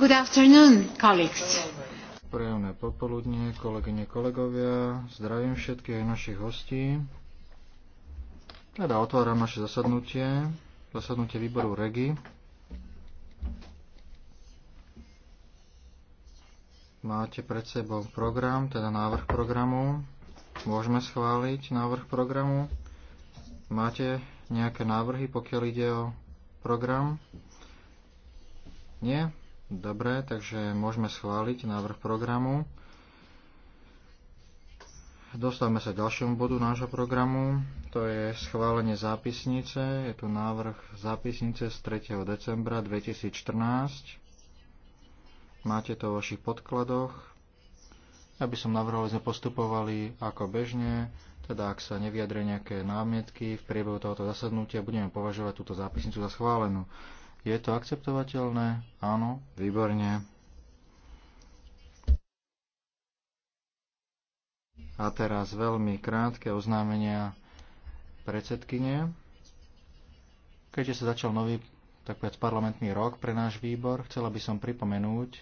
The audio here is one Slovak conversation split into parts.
Good afternoon, colleagues. popoludne, kolegyne, kolegovia. Zdravím všetkých našich hostí. Teda otváram naše zasadnutie, zasadnutie výboru REGI. Máte pred sebou program, teda návrh programu. Môžeme schváliť návrh programu. Máte nejaké návrhy, pokiaľ ide o program? Nie? Dobre, takže môžeme schváliť návrh programu. Dostávame sa k ďalšiemu bodu nášho programu. To je schválenie zápisnice. Je tu návrh zápisnice z 3. decembra 2014. Máte to vo vašich podkladoch. Ja by som navrhol, že sme postupovali ako bežne, teda ak sa nevyjadria nejaké námietky v priebehu tohoto zasadnutia, budeme považovať túto zápisnicu za schválenú. Je to akceptovateľné? Áno, výborne. A teraz veľmi krátke oznámenia predsedkynie. Keďže sa začal nový, tak povedz, parlamentný rok pre náš výbor, chcela by som pripomenúť,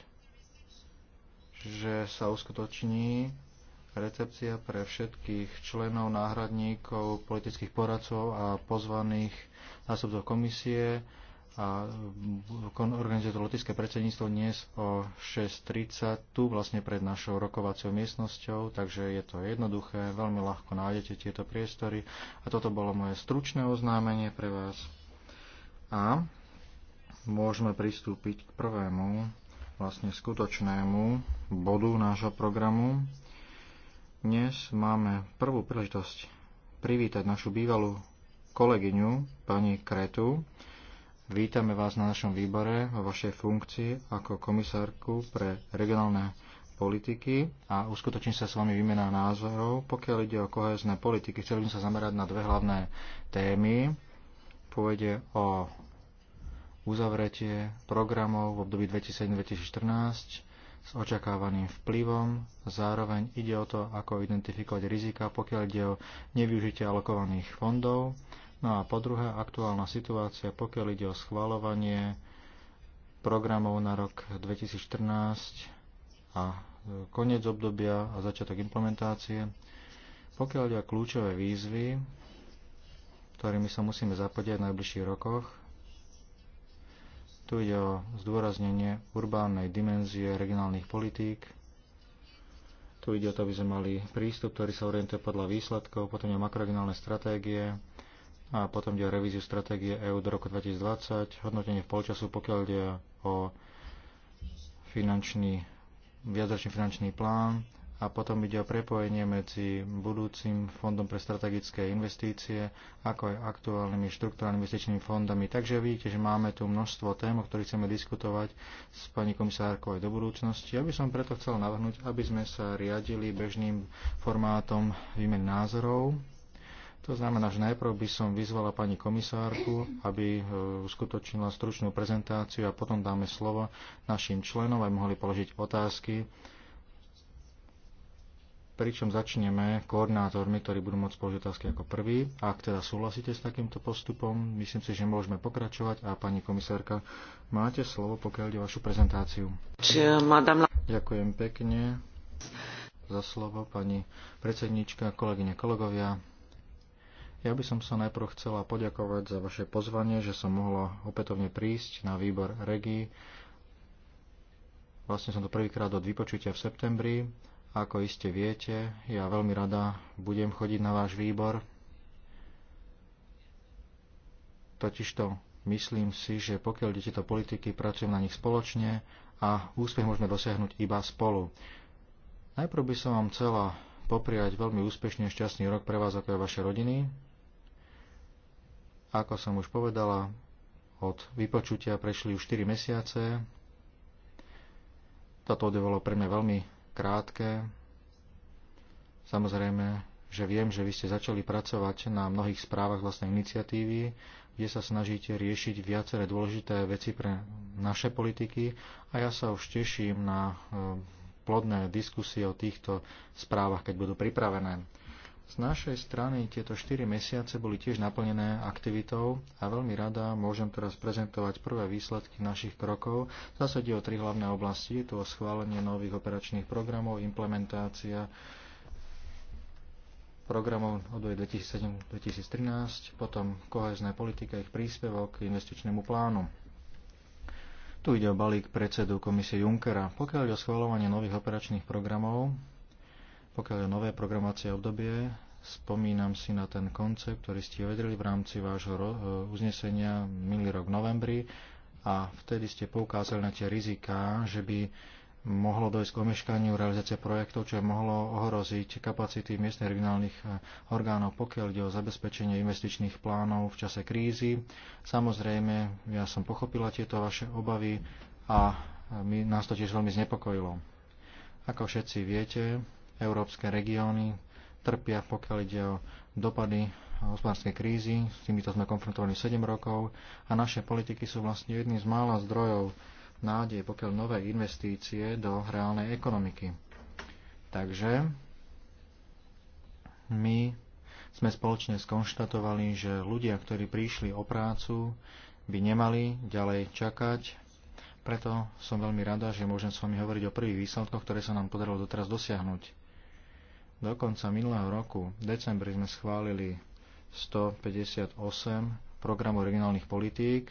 že sa uskutoční recepcia pre všetkých členov, náhradníkov, politických poradcov a pozvaných zástupcov komisie a organizuje to lotické predsedníctvo dnes o 6.30 tu vlastne pred našou rokovacou miestnosťou, takže je to jednoduché, veľmi ľahko nájdete tieto priestory a toto bolo moje stručné oznámenie pre vás. A môžeme pristúpiť k prvému vlastne skutočnému bodu nášho programu. Dnes máme prvú príležitosť privítať našu bývalú kolegyňu, pani Kretu, Vítame vás na našom výbore vo vašej funkcii ako komisárku pre regionálne politiky a uskutoční sa s vami výmena názorov. Pokiaľ ide o kohezné politiky, chceli by sa zamerať na dve hlavné témy. Pôjde o uzavretie programov v období 2007-2014 s očakávaným vplyvom. Zároveň ide o to, ako identifikovať rizika, pokiaľ ide o nevyužitie alokovaných fondov No a po druhé, aktuálna situácia, pokiaľ ide o schvalovanie programov na rok 2014 a e, koniec obdobia a začiatok implementácie. Pokiaľ ide o kľúčové výzvy, ktorými sa musíme zapodiať v najbližších rokoch, tu ide o zdôraznenie urbánnej dimenzie regionálnych politík. Tu ide o to, aby sme mali prístup, ktorý sa orientuje podľa výsledkov, potom je makroregionálne stratégie, a potom ide o revíziu stratégie EÚ do roku 2020, hodnotenie v polčasu, pokiaľ ide o finančný, viacročný finančný plán a potom ide o prepojenie medzi budúcim fondom pre strategické investície, ako aj aktuálnymi štruktúrnymi investičnými fondami. Takže vidíte, že máme tu množstvo tém, o ktorých chceme diskutovať s pani komisárkou aj do budúcnosti. Ja by som preto chcel navrhnúť, aby sme sa riadili bežným formátom výmen názorov to znamená, že najprv by som vyzvala pani komisárku, aby e, uskutočnila stručnú prezentáciu a potom dáme slovo našim členom, aby mohli položiť otázky. Pričom začneme koordinátormi, ktorí budú môcť položiť otázky ako prvý. Ak teda súhlasíte s takýmto postupom, myslím si, že môžeme pokračovať a pani komisárka, máte slovo, pokiaľ ide vašu prezentáciu. Ďakujem pekne za slovo, pani predsednička, kolegyne, kolegovia. Ja by som sa najprv chcela poďakovať za vaše pozvanie, že som mohla opätovne prísť na výbor REGI. Vlastne som to prvýkrát od vypočutia v septembri. Ako iste viete, ja veľmi rada budem chodiť na váš výbor. Totižto myslím si, že pokiaľ ide tieto politiky, pracujem na nich spoločne a úspech môžeme dosiahnuť iba spolu. Najprv by som vám chcela popriať veľmi úspešný a šťastný rok pre vás ako aj vaše rodiny ako som už povedala, od vypočutia prešli už 4 mesiace. Toto bolo pre mňa veľmi krátke. Samozrejme, že viem, že vy ste začali pracovať na mnohých správach vlastnej iniciatívy, kde sa snažíte riešiť viaceré dôležité veci pre naše politiky a ja sa už teším na eh, plodné diskusie o týchto správach, keď budú pripravené. Z našej strany tieto 4 mesiace boli tiež naplnené aktivitou a veľmi rada môžem teraz prezentovať prvé výsledky našich krokov. Zase o tri hlavné oblasti, tu to o schválenie nových operačných programov, implementácia programov od 2007-2013, potom kohezné politika, ich príspevok k investičnému plánu. Tu ide o balík predsedu komisie Junckera. Pokiaľ ide o schváľovanie nových operačných programov, pokiaľ je nové programovacie obdobie, spomínam si na ten koncept, ktorý ste vedeli v rámci vášho e, uznesenia minulý rok v novembri a vtedy ste poukázali na tie riziká, že by mohlo dojsť k omeškaniu realizácie projektov, čo mohlo ohroziť kapacity miestnych regionálnych e, orgánov, pokiaľ ide o zabezpečenie investičných plánov v čase krízy. Samozrejme, ja som pochopila tieto vaše obavy a e, my, nás to tiež veľmi znepokojilo. Ako všetci viete, európske regióny trpia, pokiaľ ide o dopady hospodárskej krízy. S týmito sme konfrontovali 7 rokov a naše politiky sú vlastne jedným z mála zdrojov nádej, pokiaľ nové investície do reálnej ekonomiky. Takže my sme spoločne skonštatovali, že ľudia, ktorí prišli o prácu, by nemali ďalej čakať. Preto som veľmi rada, že môžem s vami hovoriť o prvých výsledkoch, ktoré sa nám podarilo doteraz dosiahnuť. Do konca minulého roku, v decembri, sme schválili 158 programov regionálnych politík.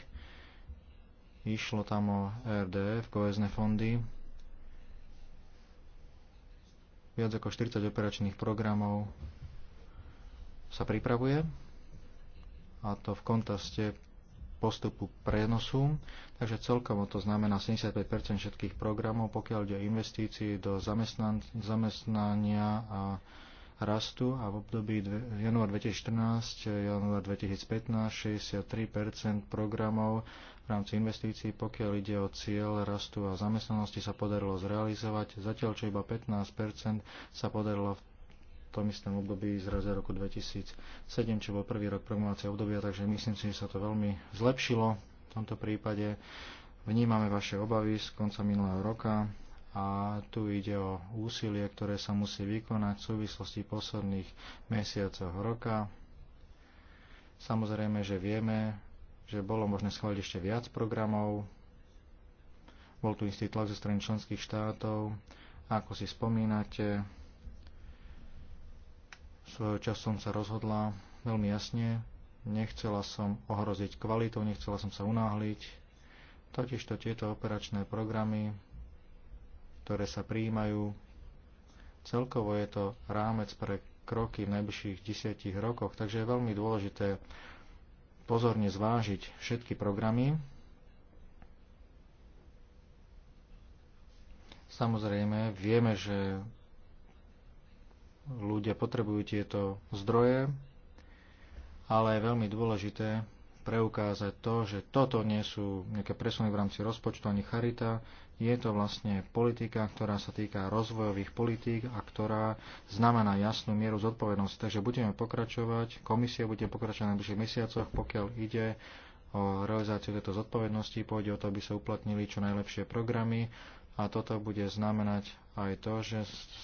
Išlo tam o RDF, kohezné fondy, viac ako 40 operačných programov sa pripravuje a to v kontaste postupu prenosu, takže celkovo to znamená 75 všetkých programov, pokiaľ ide o investícii do zamestnania a rastu a v období január 2014, január 2015 63 programov v rámci investícií, pokiaľ ide o cieľ rastu a zamestnanosti sa podarilo zrealizovať, zatiaľ čo iba 15 sa podarilo v tom istom období zrazu roku 2007, čo bol prvý rok programovacie obdobia, takže myslím si, že sa to veľmi zlepšilo v tomto prípade. Vnímame vaše obavy z konca minulého roka a tu ide o úsilie, ktoré sa musí vykonať v súvislosti posledných mesiacov roka. Samozrejme, že vieme, že bolo možné schváliť ešte viac programov, bol tu istý tlak zo strany členských štátov. ako si spomínate, Svojho časom sa rozhodla veľmi jasne, nechcela som ohroziť kvalitu, nechcela som sa unáhliť. Totižto tieto operačné programy, ktoré sa prijímajú, celkovo je to rámec pre kroky v najbližších desiatich rokoch, takže je veľmi dôležité pozorne zvážiť všetky programy. Samozrejme, vieme, že ľudia potrebujú tieto zdroje, ale je veľmi dôležité preukázať to, že toto nie sú nejaké presuny v rámci rozpočtu ani charita, je to vlastne politika, ktorá sa týka rozvojových politík a ktorá znamená jasnú mieru zodpovednosti. Takže budeme pokračovať, komisia bude pokračovať v najbližších mesiacoch, pokiaľ ide o realizáciu tejto zodpovednosti, pôjde o to, aby sa uplatnili čo najlepšie programy a toto bude znamenať aj to, že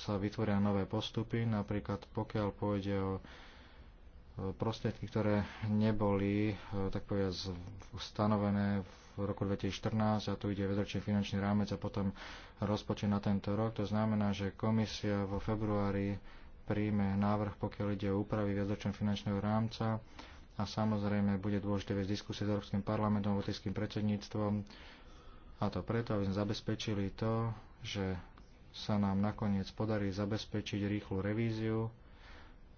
sa vytvoria nové postupy, napríklad pokiaľ pôjde o prostriedky, ktoré neboli, e, tak povedať, stanovené v roku 2014 a tu ide vedročný finančný rámec a potom rozpočet na tento rok. To znamená, že komisia vo februári príjme návrh, pokiaľ ide o úpravy vedročného finančného rámca a samozrejme bude dôležité viesť diskusie s Európskym parlamentom, Európskym predsedníctvom a to preto, aby sme zabezpečili to, že sa nám nakoniec podarí zabezpečiť rýchlu revíziu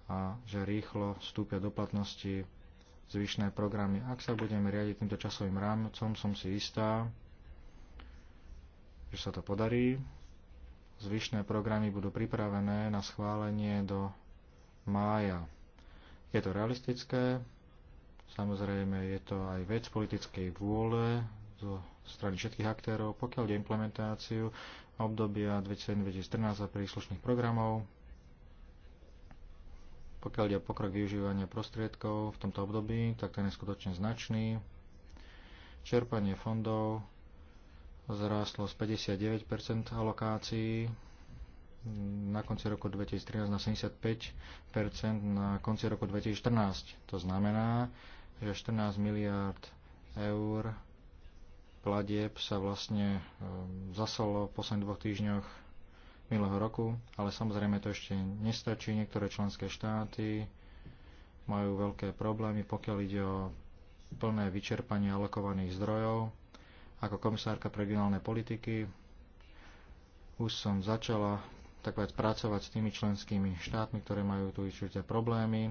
a že rýchlo vstúpia do platnosti zvyšné programy. Ak sa budeme riadiť týmto časovým rámcom, som si istá, že sa to podarí. Zvyšné programy budú pripravené na schválenie do mája. Je to realistické, samozrejme je to aj vec politickej vôle zo strany všetkých aktérov, pokiaľ ide implementáciu obdobia 2007-2013 a príslušných programov, pokiaľ ide o pokrok využívania prostriedkov v tomto období, tak ten je skutočne značný. Čerpanie fondov zrástlo z 59 alokácií na konci roku 2013 na 75 na konci roku 2014. To znamená, že 14 miliárd eur platieb sa vlastne um, zasalo v posledných dvoch týždňoch minulého roku, ale samozrejme to ešte nestačí. Niektoré členské štáty majú veľké problémy, pokiaľ ide o plné vyčerpanie alokovaných zdrojov. Ako komisárka pre regionálne politiky už som začala tak pracovať s tými členskými štátmi, ktoré majú tu určité problémy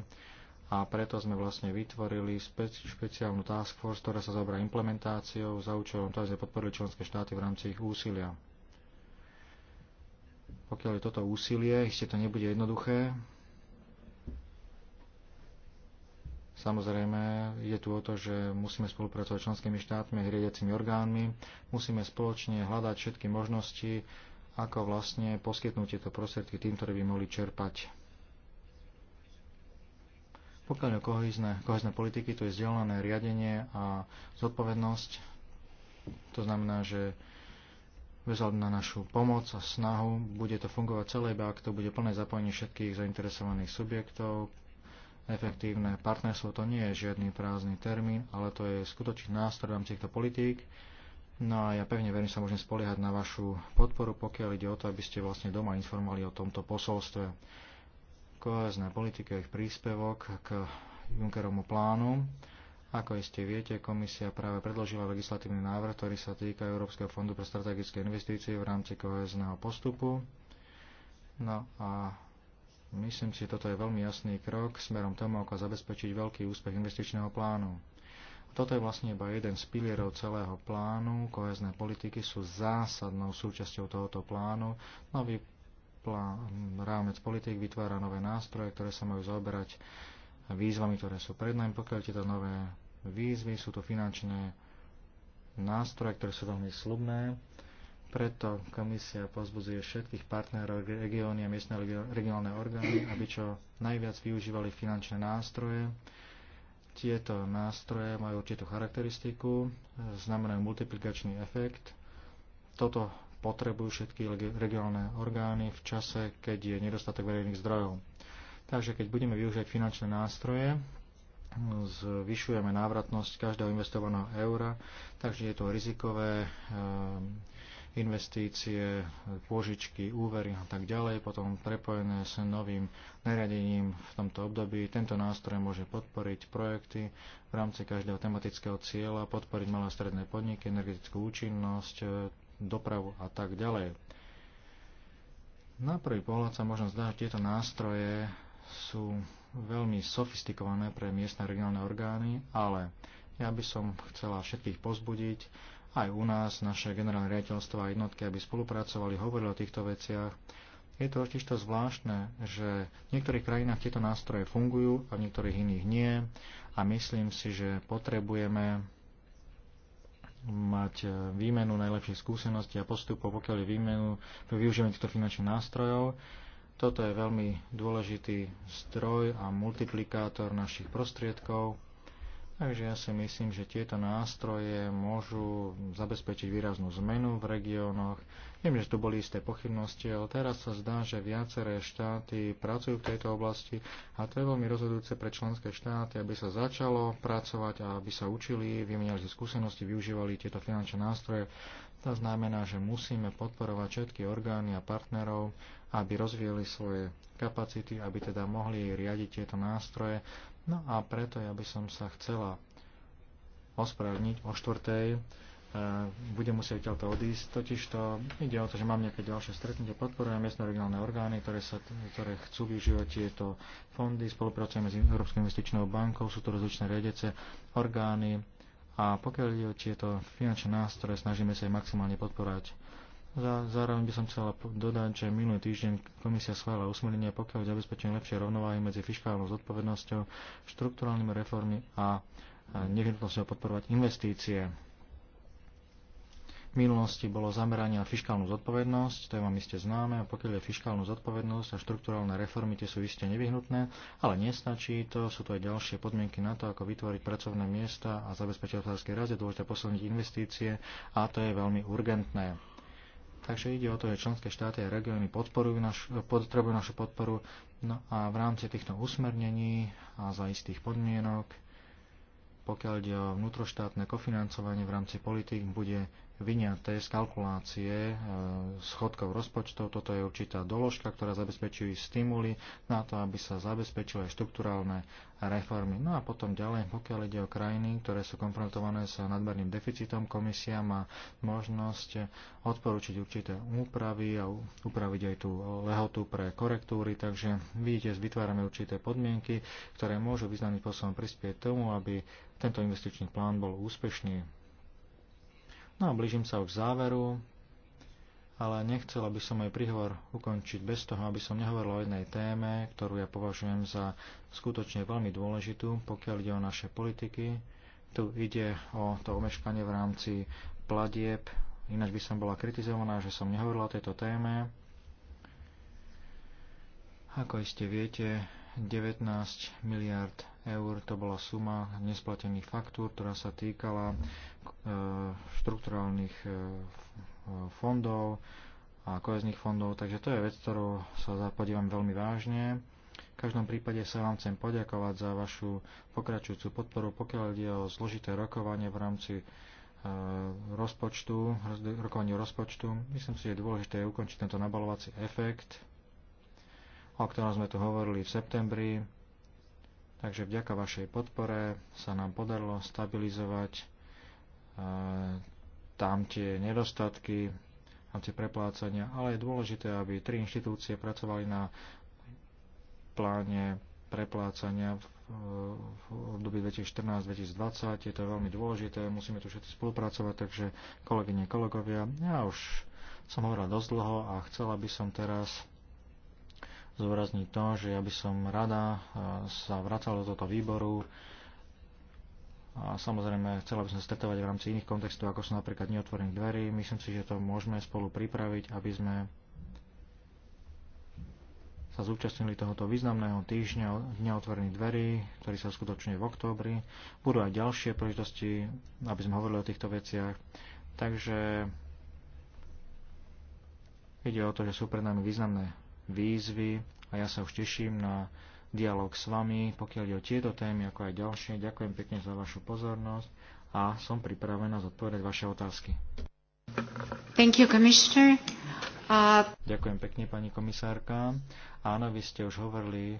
a preto sme vlastne vytvorili špeci- špeciálnu task force, ktorá sa zaoberá implementáciou za účelom toho, sme podporili členské štáty v rámci ich úsilia. Pokiaľ je toto úsilie, ešte to nebude jednoduché. Samozrejme, je tu o to, že musíme spolupracovať s členskými štátmi a riadiacimi orgánmi. Musíme spoločne hľadať všetky možnosti, ako vlastne poskytnúť tieto prostriedky tým, ktorí by mohli čerpať pokiaľ o kohezné, kohezné politiky, to je vzdelané riadenie a zodpovednosť. To znamená, že bez na našu pomoc a snahu bude to fungovať celé, iba ak to bude plné zapojenie všetkých zainteresovaných subjektov, efektívne partnerstvo, to nie je žiadny prázdny termín, ale to je skutočný nástroj v týchto politík. No a ja pevne verím, sa môžem spoliehať na vašu podporu, pokiaľ ide o to, aby ste vlastne doma informovali o tomto posolstve ako aj na politike ich príspevok k Junckerovmu plánu. Ako iste viete, komisia práve predložila legislatívny návrh, ktorý sa týka Európskeho fondu pre strategické investície v rámci kohezného postupu. No a myslím si, toto je veľmi jasný krok smerom tomu, ako zabezpečiť veľký úspech investičného plánu. Toto je vlastne iba jeden z pilierov celého plánu. Kohezné politiky sú zásadnou súčasťou tohoto plánu. Nový plán, rámec politik vytvára nové nástroje, ktoré sa majú zaoberať výzvami, ktoré sú pred nami. Pokiaľ tieto nové výzvy sú to finančné nástroje, ktoré sú veľmi slubné, preto komisia pozbudzuje všetkých partnerov regióny a miestne regionálne orgány, aby čo najviac využívali finančné nástroje. Tieto nástroje majú určitú charakteristiku, znamenajú multiplikačný efekt. Toto potrebujú všetky regionálne orgány v čase, keď je nedostatok verejných zdrojov. Takže keď budeme využívať finančné nástroje, zvyšujeme návratnosť každého investovaného eura, takže je to rizikové ehm, investície, pôžičky, úvery a tak ďalej, potom prepojené s novým nariadením v tomto období. Tento nástroj môže podporiť projekty v rámci každého tematického cieľa, podporiť malé a stredné podniky, energetickú účinnosť, dopravu a tak ďalej. Na prvý pohľad sa možno zdá, že tieto nástroje sú veľmi sofistikované pre miestne regionálne orgány, ale ja by som chcela všetkých pozbudiť, aj u nás, naše generálne riaditeľstvo a jednotky, aby spolupracovali, hovorili o týchto veciach. Je to totiž to zvláštne, že v niektorých krajinách tieto nástroje fungujú a v niektorých iných nie a myslím si, že potrebujeme mať e, výmenu najlepších skúseností a postupov, pokiaľ je výmenu pre využívanie týchto finančných nástrojov. Toto je veľmi dôležitý stroj a multiplikátor našich prostriedkov. Takže ja si myslím, že tieto nástroje môžu zabezpečiť výraznú zmenu v regiónoch, Viem, že tu boli isté pochybnosti, ale teraz sa zdá, že viaceré štáty pracujú v tejto oblasti a to je veľmi rozhodujúce pre členské štáty, aby sa začalo pracovať a aby sa učili, vymenili si skúsenosti, využívali tieto finančné nástroje. To znamená, že musíme podporovať všetky orgány a partnerov, aby rozvíjali svoje kapacity, aby teda mohli riadiť tieto nástroje. No a preto ja by som sa chcela ospravedlniť o štvrtej budem musieť odtiaľto odísť. Totiž to ide o to, že mám nejaké ďalšie stretnutie, podporujem miestne regionálne orgány, ktoré, sa, ktoré chcú využívať tieto fondy, spolupracujeme s Európskou investičnou bankou, sú to rozličné riadece, orgány a pokiaľ ide o tieto finančné nástroje, snažíme sa ich maximálne podporať. Zároveň by som chcela dodať, že minulý týždeň komisia schválila usmernenie, pokiaľ zabezpečenie lepšie rovnováhy medzi fiskálnou zodpovednosťou, štruktúralnými reformy a nevyhnutnosťou podporovať investície. V minulosti bolo zameranie na fiskálnu zodpovednosť, to je vám iste známe, a pokiaľ je fiskálnu zodpovednosť a štrukturálne reformy, tie sú iste nevyhnutné, ale nestačí to, sú to aj ďalšie podmienky na to, ako vytvoriť pracovné miesta a zabezpečiť hospodárske rast, je dôležité posilniť investície a to je veľmi urgentné. Takže ide o to, že členské štáty a regióny podporujú naš, potrebujú našu podporu no a v rámci týchto usmernení a za istých podmienok pokiaľ ide o vnútroštátne kofinancovanie v rámci politik, bude vyňaté z kalkulácie e, schodkov rozpočtov. Toto je určitá doložka, ktorá zabezpečuje stimuly na to, aby sa zabezpečili aj štruktúrálne reformy. No a potom ďalej, pokiaľ ide o krajiny, ktoré sú konfrontované s nadmerným deficitom, komisia má možnosť odporučiť určité úpravy a upraviť aj tú lehotu pre korektúry, takže vidíte, vytvárame určité podmienky, ktoré môžu významným spôsobom prispieť tomu, aby tento investičný plán bol úspešný. No a blížim sa už k záveru, ale nechcela by som aj príhovor ukončiť bez toho, aby som nehovoril o jednej téme, ktorú ja považujem za skutočne veľmi dôležitú, pokiaľ ide o naše politiky. Tu ide o to omeškanie v rámci platieb, ináč by som bola kritizovaná, že som nehovorila o tejto téme. Ako iste viete, 19 miliard eur to bola suma nesplatených faktúr, ktorá sa týkala Eh, štrukturálnych eh, eh, fondov a kohezných fondov, takže to je vec, ktorú sa podívam veľmi vážne. V každom prípade sa vám chcem poďakovať za vašu pokračujúcu podporu, pokiaľ ide o zložité rokovanie v rámci rozpočtu, rokovaniu rozpočtu. Myslím si, že je dôležité je ukončiť tento nabalovací efekt, o ktorom sme tu hovorili v septembri. Takže vďaka vašej podpore sa nám podarilo stabilizovať tam tie nedostatky, tam tie preplácania, ale je dôležité, aby tri inštitúcie pracovali na pláne preplácania v období 2014-2020. Je to veľmi dôležité, musíme tu všetci spolupracovať, takže kolegyne, kolegovia, ja už som hovoril dosť dlho a chcela by som teraz zúrazniť to, že ja by som rada eh, sa vracala do tohto výboru, a samozrejme, chcela by som stretovať v rámci iných kontextov, ako sú napríklad neotvorených dverí. Myslím si, že to môžeme spolu pripraviť, aby sme sa zúčastnili tohoto významného týždňa Dňa otvorených dverí, ktorý sa skutočne v októbri. Budú aj ďalšie príležitosti, aby sme hovorili o týchto veciach. Takže ide o to, že sú pred nami významné výzvy a ja sa už teším na dialog s vami, pokiaľ je o tieto témy, ako aj ďalšie. Ďakujem pekne za vašu pozornosť a som pripravená zodpovedať vaše otázky. Thank you, Commissioner. Uh... Ďakujem pekne, pani komisárka. Áno, vy ste už hovorili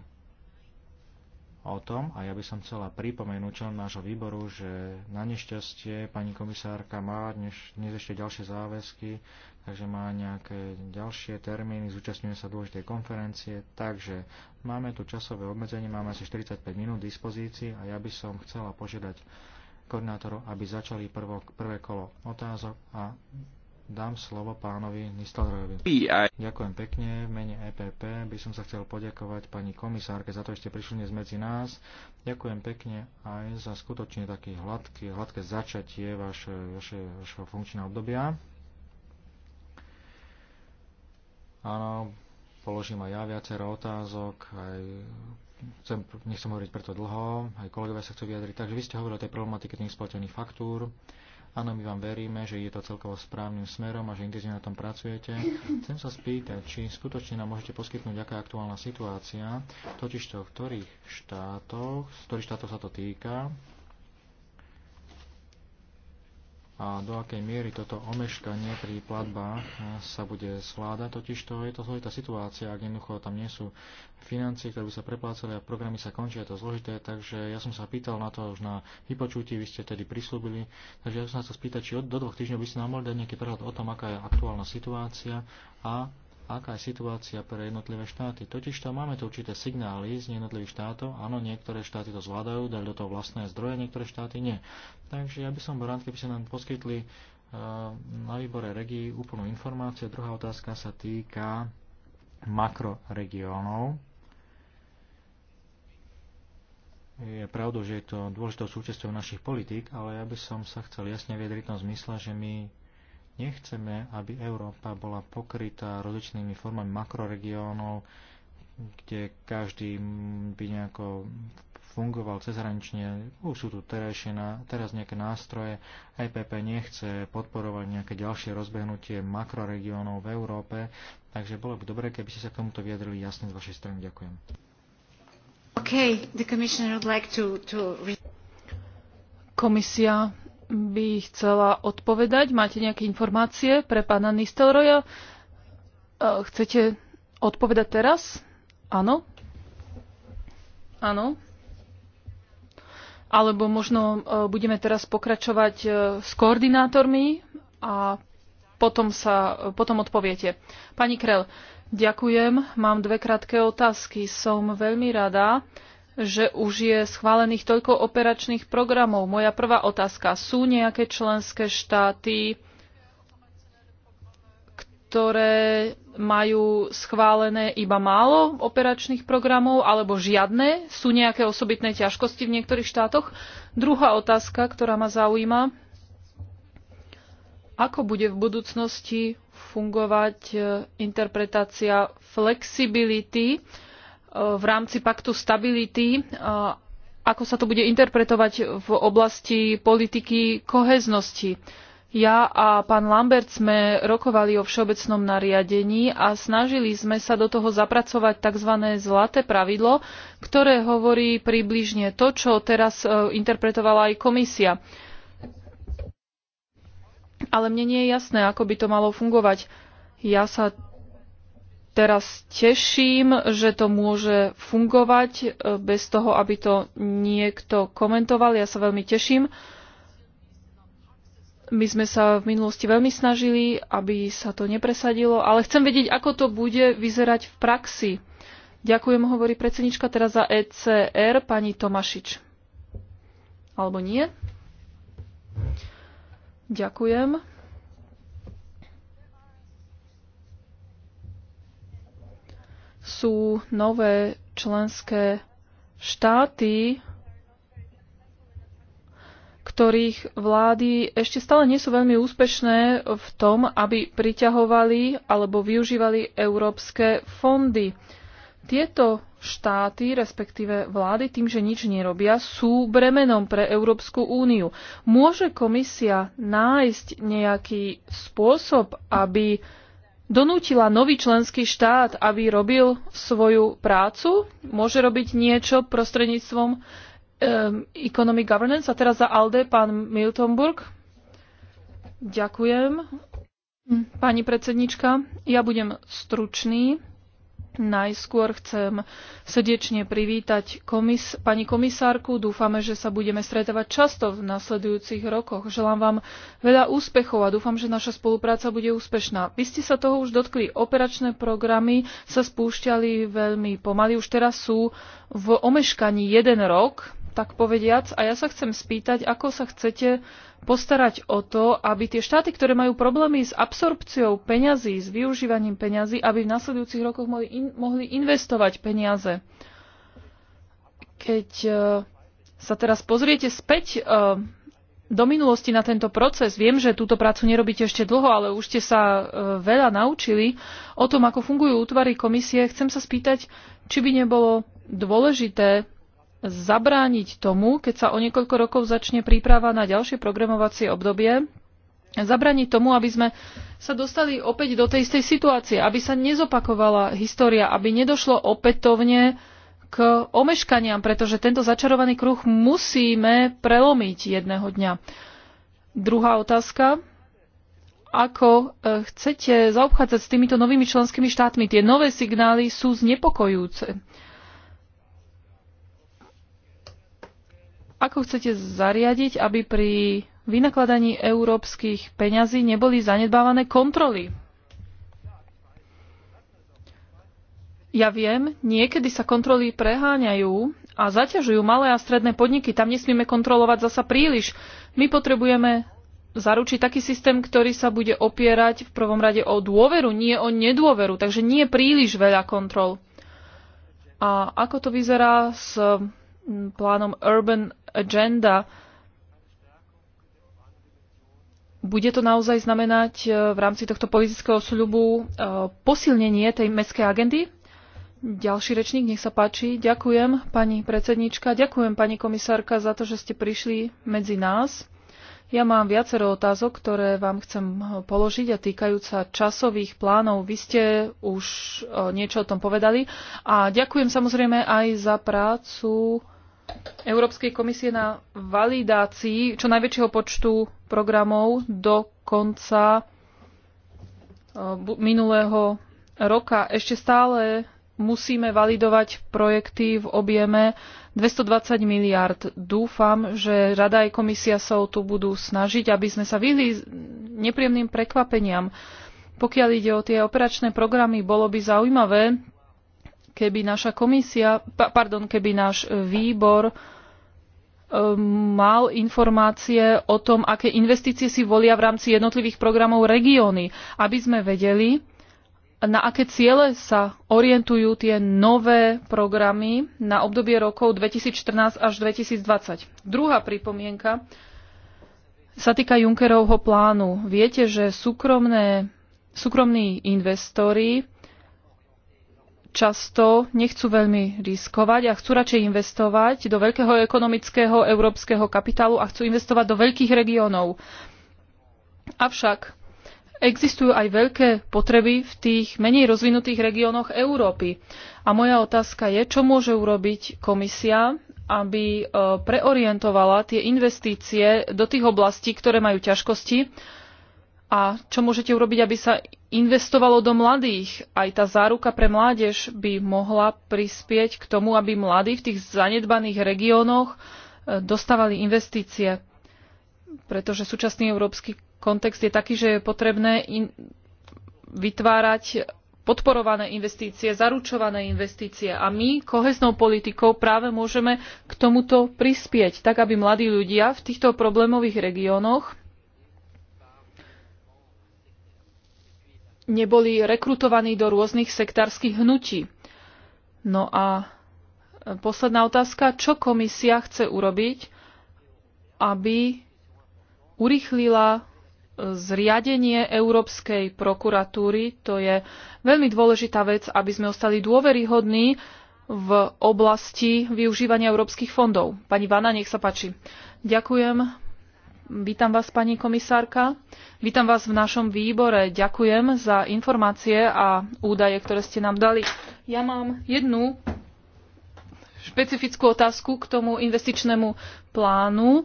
o tom a ja by som chcela pripomenúť členom nášho výboru, že na nešťastie pani komisárka má dnes, dnes ešte ďalšie záväzky, takže má nejaké ďalšie termíny, zúčastňuje sa dôležitej konferencie, takže máme tu časové obmedzenie, máme asi 45 minút dispozícii a ja by som chcela požiadať koordinátorov, aby začali prvo, prvé kolo otázok a dám slovo pánovi Nistelrojovi. Ďakujem pekne. V mene EPP by som sa chcel poďakovať pani komisárke za to, že ste prišli dnes medzi nás. Ďakujem pekne aj za skutočne také hladké, hladké začatie vaš, vaš, vašeho funkčného obdobia. Áno, položím aj ja viacero otázok, aj chcem, nechcem hovoriť preto dlho, aj kolegovia sa chcú vyjadriť. Takže vy ste hovorili o tej problematike tých splatených faktúr. Áno, my vám veríme, že je to celkovo správnym smerom a že intenzívne na tom pracujete. Chcem sa spýtať, či skutočne nám môžete poskytnúť, aká je aktuálna situácia, totiž to, v ktorých štátoch, z ktorých štátov sa to týka, a do akej miery toto omeškanie pri platbách eh, sa bude zvládať. Totiž to je to zložitá situácia, ak jednoducho tam nie sú financie, ktoré by sa preplácali a programy sa končia, je to zložité, takže ja som sa pýtal na to už na vypočutí, vy ste tedy prislúbili, takže ja som sa spýtať, či od, do dvoch týždňov by ste nám mohli dať nejaký prehľad o tom, aká je aktuálna situácia a aká je situácia pre jednotlivé štáty. Totiž tam máme tu určité signály z jednotlivých štátov. Áno, niektoré štáty to zvládajú, dali do toho vlastné zdroje, niektoré štáty nie. Takže ja by som bol rád, keby ste nám poskytli e, na výbore regií úplnú informáciu. Druhá otázka sa týka makroregiónov. Je pravdou, že je to dôležitou súčasťou našich politík, ale ja by som sa chcel jasne vyjadriť v tom zmysle, že my Nechceme, aby Európa bola pokrytá rozličnými formami makroregiónov, kde každý by nejako fungoval cezhranične, už sú tu terajšie, teraz nejaké nástroje. EPP nechce podporovať nejaké ďalšie rozbehnutie makroregiónov v Európe, takže bolo by dobre, keby ste sa k tomuto vyjadrili jasne z vašej strany. Ďakujem. Okay, the commissioner would like to, to... Komisia by chcela odpovedať. Máte nejaké informácie pre pána Nistelroja? E, chcete odpovedať teraz? Áno? Áno? Alebo možno e, budeme teraz pokračovať e, s koordinátormi a potom, sa, potom odpoviete. Pani Krel, ďakujem. Mám dve krátke otázky. Som veľmi rada, že už je schválených toľko operačných programov. Moja prvá otázka. Sú nejaké členské štáty, ktoré majú schválené iba málo operačných programov alebo žiadne? Sú nejaké osobitné ťažkosti v niektorých štátoch? Druhá otázka, ktorá ma zaujíma. Ako bude v budúcnosti fungovať eh, interpretácia flexibility v rámci paktu stability, e, ako sa to bude interpretovať v oblasti politiky kohéznosti. Ja a pán Lambert sme rokovali o všeobecnom nariadení a snažili sme sa do toho zapracovať tzv. zlaté pravidlo, ktoré hovorí približne to, čo teraz e, interpretovala aj komisia. Ale mne nie je jasné, ako by to malo fungovať. Ja sa teraz teším, že to môže fungovať e, bez toho, aby to niekto komentoval. Ja sa veľmi teším. My sme sa v minulosti veľmi snažili, aby sa to nepresadilo, ale chcem vedieť, ako to bude vyzerať v praxi. Ďakujem, hovorí predsednička teraz za ECR, pani Tomašič. Alebo nie? Ďakujem. sú nové členské štáty, ktorých vlády ešte stále nie sú veľmi úspešné v tom, aby priťahovali alebo využívali európske fondy. Tieto štáty, respektíve vlády, tým, že nič nerobia, sú bremenom pre Európsku úniu. Môže komisia nájsť nejaký spôsob, aby donútila nový členský štát, aby robil svoju prácu, môže robiť niečo prostredníctvom um, economic governance. A teraz za ALDE pán Miltonburg. Ďakujem. Pani predsednička, ja budem stručný. Najskôr chcem srdečne privítať komis- pani komisárku. Dúfame, že sa budeme stretávať často v nasledujúcich rokoch. Želám vám veľa úspechov a dúfam, že naša spolupráca bude úspešná. Vy ste sa toho už dotkli. Operačné programy sa spúšťali veľmi pomaly. Už teraz sú v omeškaní jeden rok tak povediac. A ja sa chcem spýtať, ako sa chcete postarať o to, aby tie štáty, ktoré majú problémy s absorpciou peňazí, s využívaním peňazí, aby v nasledujúcich rokoch mohli, in, mohli investovať peniaze. Keď uh, sa teraz pozriete späť uh, do minulosti na tento proces. Viem, že túto prácu nerobíte ešte dlho, ale už ste sa eh, veľa naučili o tom, ako fungujú útvary komisie. Chcem sa spýtať, či by nebolo dôležité zabrániť tomu, keď sa o niekoľko rokov začne príprava na ďalšie programovacie obdobie, zabrániť tomu, aby sme sa dostali opäť do tej istej situácie, aby sa nezopakovala história, aby nedošlo opätovne k omeškaniam, pretože tento začarovaný kruh musíme prelomiť jedného dňa. Druhá otázka. Ako e, chcete zaobchádzať s týmito novými členskými štátmi? Tie nové signály sú znepokojúce Ako chcete zariadiť, aby pri vynakladaní európskych peňazí neboli zanedbávané kontroly? Ja viem, niekedy sa kontroly preháňajú a zaťažujú malé a stredné podniky. Tam nesmieme kontrolovať zasa príliš. My potrebujeme zaručiť taký systém, ktorý sa bude opierať v prvom rade o dôveru, nie o nedôveru. Takže nie príliš veľa kontrol. A ako to vyzerá s plánom Urban Agenda. Bude to naozaj znamenať e, v rámci tohto politického sľubu e, posilnenie tej mestskej agendy? Ďalší rečník, nech sa páči. Ďakujem, pani predsednička, ďakujem, pani komisárka, za to, že ste prišli medzi nás. Ja mám viacero otázok, ktoré vám chcem e, položiť a týkajúca časových plánov. Vy ste už niečo o tom povedali. A ďakujem samozrejme aj za prácu Európskej komisie na validácii čo najväčšieho počtu programov do konca eh, minulého roka. Ešte stále musíme validovať projekty v objeme 220 miliard. Dúfam, že Rada aj komisia sa o tu budú snažiť, aby sme sa vyhli nepríjemným prekvapeniam. Pokiaľ ide o tie operačné programy, bolo by zaujímavé keby naša komisia, pardon, keby náš e, výbor e, mal informácie o tom, aké investície si volia v rámci jednotlivých programov regióny, aby sme vedeli, na aké ciele sa orientujú tie nové programy na obdobie rokov 2014 až 2020. Druhá pripomienka sa týka Junckerovho plánu. Viete, že súkromné, súkromní investori často nechcú veľmi riskovať a chcú radšej investovať do veľkého ekonomického európskeho kapitálu a chcú investovať do veľkých regiónov. Avšak existujú aj veľké potreby v tých menej rozvinutých regiónoch Európy. A moja otázka je, čo môže urobiť komisia, aby e, preorientovala tie investície do tých oblastí, ktoré majú ťažkosti a čo môžete urobiť, aby sa investovalo do mladých. Aj tá záruka pre mládež by mohla prispieť k tomu, aby mladí v tých zanedbaných regiónoch e, dostávali investície. Pretože súčasný európsky kontext je taký, že je potrebné vytvárať podporované investície, zaručované investície. A my koheznou politikou práve môžeme k tomuto prispieť, tak aby mladí ľudia v týchto problémových regiónoch neboli rekrutovaní do rôznych sektárskych hnutí. No a e, posledná otázka, čo komisia chce urobiť, aby urychlila e, zriadenie Európskej prokuratúry. To je veľmi dôležitá vec, aby sme ostali dôveryhodní v oblasti využívania európskych fondov. Pani Vana, nech sa páči. Ďakujem, Vítam vás, pani komisárka. Vítam vás v našom výbore. Ďakujem za informácie a údaje, ktoré ste nám dali. Ja mám jednu špecifickú otázku k tomu investičnému plánu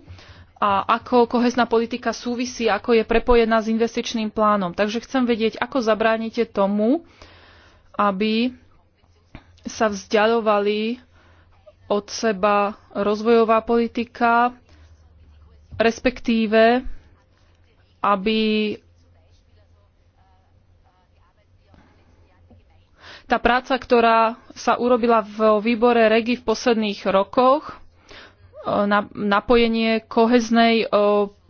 a ako kohezná politika súvisí, ako je prepojená s investičným plánom. Takže chcem vedieť, ako zabránite tomu, aby sa vzdialovali od seba rozvojová politika respektíve aby tá práca, ktorá sa urobila v výbore REGI v posledných rokoch, e, napojenie koheznej e,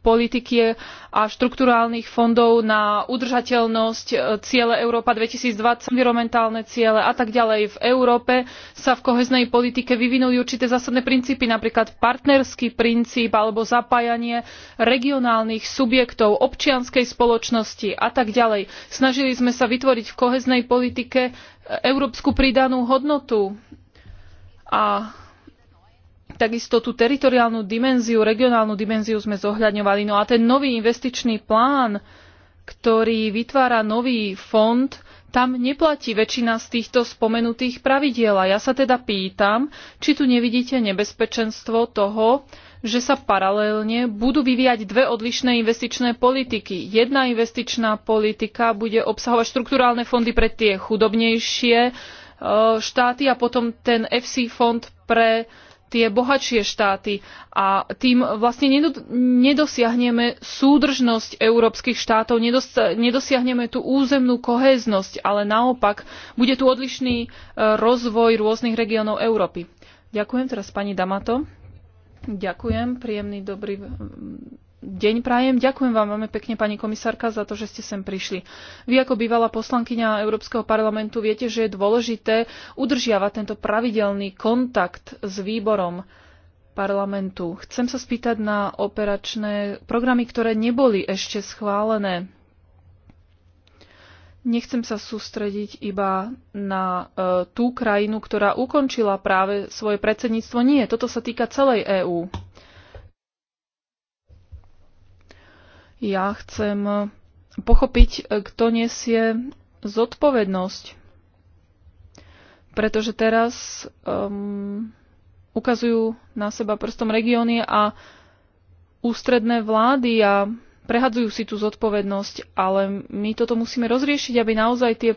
politiky a štrukturálnych fondov na udržateľnosť, e, ciele Európa 2020, environmentálne ciele a tak ďalej. V Európe sa v koheznej politike vyvinuli určité zásadné princípy, napríklad partnerský princíp alebo zapájanie regionálnych subjektov, občianskej spoločnosti a tak ďalej. Snažili sme sa vytvoriť v koheznej politike e, európsku pridanú hodnotu a Takisto tú teritoriálnu dimenziu, regionálnu dimenziu sme zohľadňovali. No a ten nový investičný plán, ktorý vytvára nový fond, tam neplatí väčšina z týchto spomenutých pravidiel. A ja sa teda pýtam, či tu nevidíte nebezpečenstvo toho, že sa paralelne budú vyvíjať dve odlišné investičné politiky. Jedna investičná politika bude obsahovať štrukturálne fondy pre tie chudobnejšie e, štáty a potom ten FC fond pre uh, tie bohatšie štáty a tým vlastne nedosiahneme súdržnosť európskych štátov, nedosiahneme tú územnú kohéznosť, ale naopak bude tu odlišný e, rozvoj rôznych regiónov Európy. Ďakujem teraz pani Damato. Ďakujem, príjemný dobrý deň prajem. Ďakujem vám veľmi pekne, pani komisárka, za to, že ste sem prišli. Vy ako bývalá poslankyňa Európskeho parlamentu viete, že je dôležité udržiavať tento pravidelný kontakt s výborom parlamentu. Chcem sa spýtať na operačné programy, ktoré neboli ešte schválené. Nechcem sa sústrediť iba na e, tú krajinu, ktorá ukončila práve svoje predsedníctvo. Nie, toto sa týka celej EÚ. Ja chcem eh, pochopiť, eh, kto nesie zodpovednosť. Pretože teraz um, ukazujú na seba prstom regióny a ústredné vlády a prehadzujú si tú zodpovednosť, ale my toto musíme rozriešiť, aby naozaj tie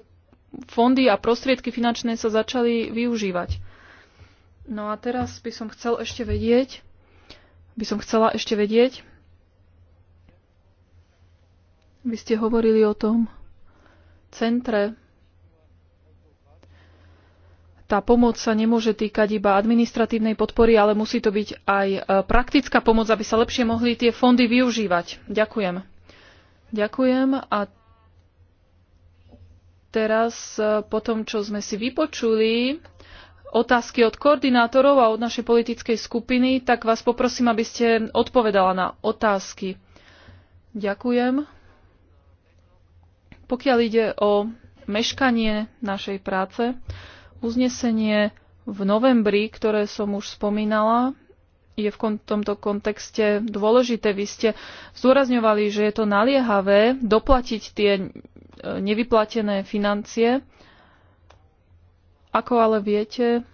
fondy a prostriedky finančné sa začali využívať. No a teraz by som chcel ešte vedieť, by som chcela ešte vedieť, vy ste hovorili o tom centre. Tá pomoc sa nemôže týkať iba administratívnej podpory, ale musí to byť aj e, praktická pomoc, aby sa lepšie mohli tie fondy využívať. Ďakujem. Ďakujem a teraz e, po tom, čo sme si vypočuli otázky od koordinátorov a od našej politickej skupiny, tak vás poprosím, aby ste odpovedala na otázky. Ďakujem. Pokiaľ ide o meškanie našej práce, uznesenie v novembri, ktoré som už spomínala, je v tomto kontexte dôležité. Vy ste zdôrazňovali, že je to naliehavé doplatiť tie e, nevyplatené financie. Ako ale viete,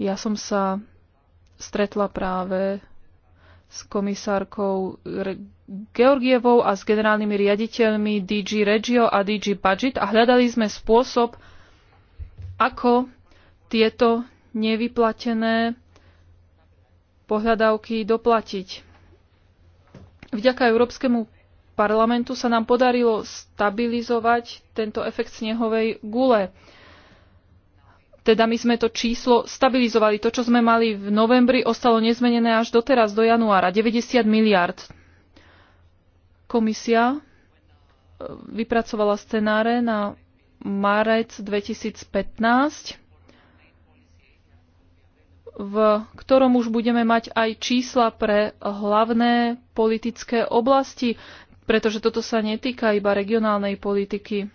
ja som sa stretla práve s komisárkou Georgievou a s generálnymi riaditeľmi DG Regio a DG Budget a hľadali sme spôsob, ako tieto nevyplatené pohľadávky doplatiť. Vďaka Európskemu parlamentu sa nám podarilo stabilizovať tento efekt snehovej gule. Teda my sme to číslo stabilizovali. To, čo sme mali v novembri, ostalo nezmenené až doteraz, do januára. 90 miliard. Komisia e, vypracovala scenáre na marec 2015, v ktorom už budeme mať aj čísla pre hlavné politické oblasti, pretože toto sa netýka iba regionálnej politiky.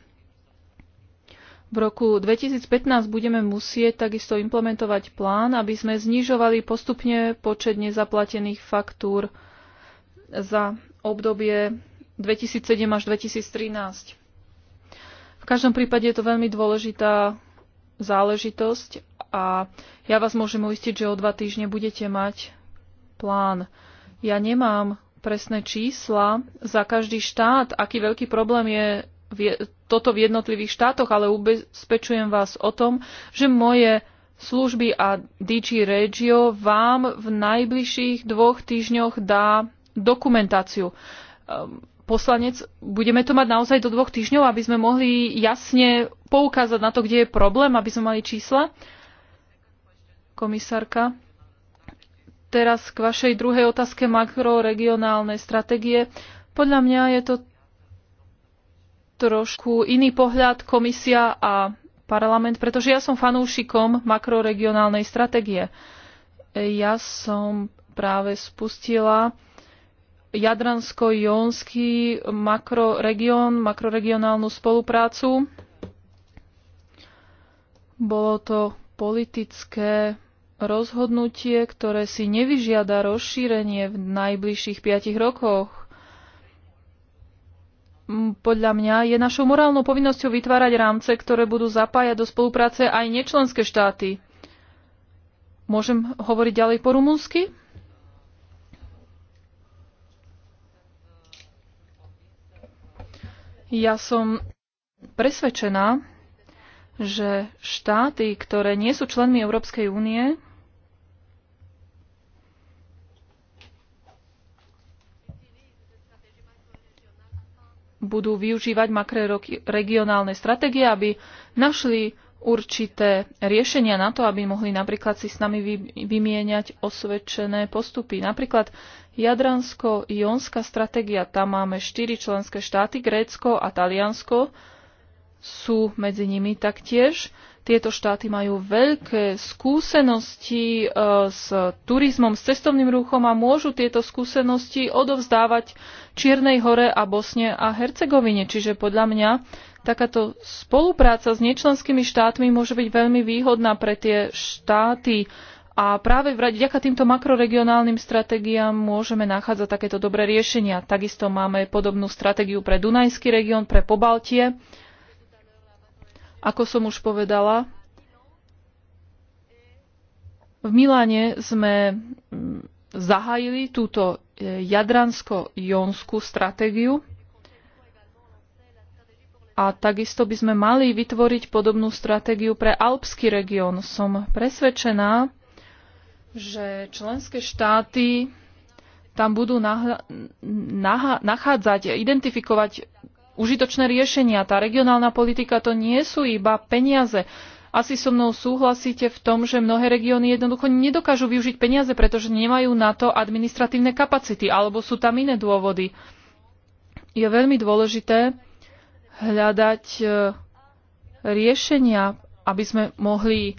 V roku 2015 budeme musieť takisto implementovať plán, aby sme znižovali postupne počet nezaplatených faktúr za obdobie 2007 až 2013. V každom prípade je to veľmi dôležitá záležitosť a ja vás môžem uistiť, že o dva týždne budete mať plán. Ja nemám presné čísla za každý štát, aký veľký problém je toto v jednotlivých štátoch, ale ubezpečujem vás o tom, že moje služby a DG Regio vám v najbližších dvoch týždňoch dá dokumentáciu. Ehm, poslanec, budeme to mať naozaj do dvoch týždňov, aby sme mohli jasne poukázať na to, kde je problém, aby sme mali čísla? Komisárka. Teraz k vašej druhej otázke makroregionálnej stratégie. Podľa mňa je to trošku iný pohľad komisia a parlament, pretože ja som fanúšikom makroregionálnej stratégie. Ja som práve spustila Jadransko-Jonský makroregión, makroregionálnu spoluprácu. Bolo to politické rozhodnutie, ktoré si nevyžiada rozšírenie v najbližších piatich rokoch podľa mňa je našou morálnou povinnosťou vytvárať rámce, ktoré budú zapájať do spolupráce aj nečlenské štáty. Môžem hovoriť ďalej po rumúnsky? Ja som presvedčená, že štáty, ktoré nie sú členmi Európskej únie, budú využívať makroregionálne stratégie, aby našli určité riešenia na to, aby mohli napríklad si s nami vymieňať osvedčené postupy. Napríklad jadransko ionská stratégia, tam máme štyri členské štáty, Grécko a Taliansko sú medzi nimi taktiež. Tieto štáty majú veľké skúsenosti e, s turizmom, s cestovným ruchom a môžu tieto skúsenosti odovzdávať Čiernej hore a Bosne a Hercegovine. Čiže podľa mňa takáto spolupráca s nečlenskými štátmi môže byť veľmi výhodná pre tie štáty. A práve vďaka týmto makroregionálnym stratégiám môžeme nachádzať takéto dobré riešenia. Takisto máme podobnú stratégiu pre Dunajský región, pre Pobaltie. Ako som už povedala, v Miláne sme mm, zahájili túto e, jadransko-jonskú stratégiu a takisto by sme mali vytvoriť podobnú stratégiu pre alpský región. Som presvedčená, že členské štáty tam budú nachádzať, identifikovať užitočné riešenia. Tá regionálna politika to nie sú iba peniaze. Asi so mnou súhlasíte v tom, že mnohé regióny jednoducho nedokážu využiť peniaze, pretože nemajú na to administratívne kapacity, alebo sú tam iné dôvody. Je veľmi dôležité hľadať e, riešenia, aby sme mohli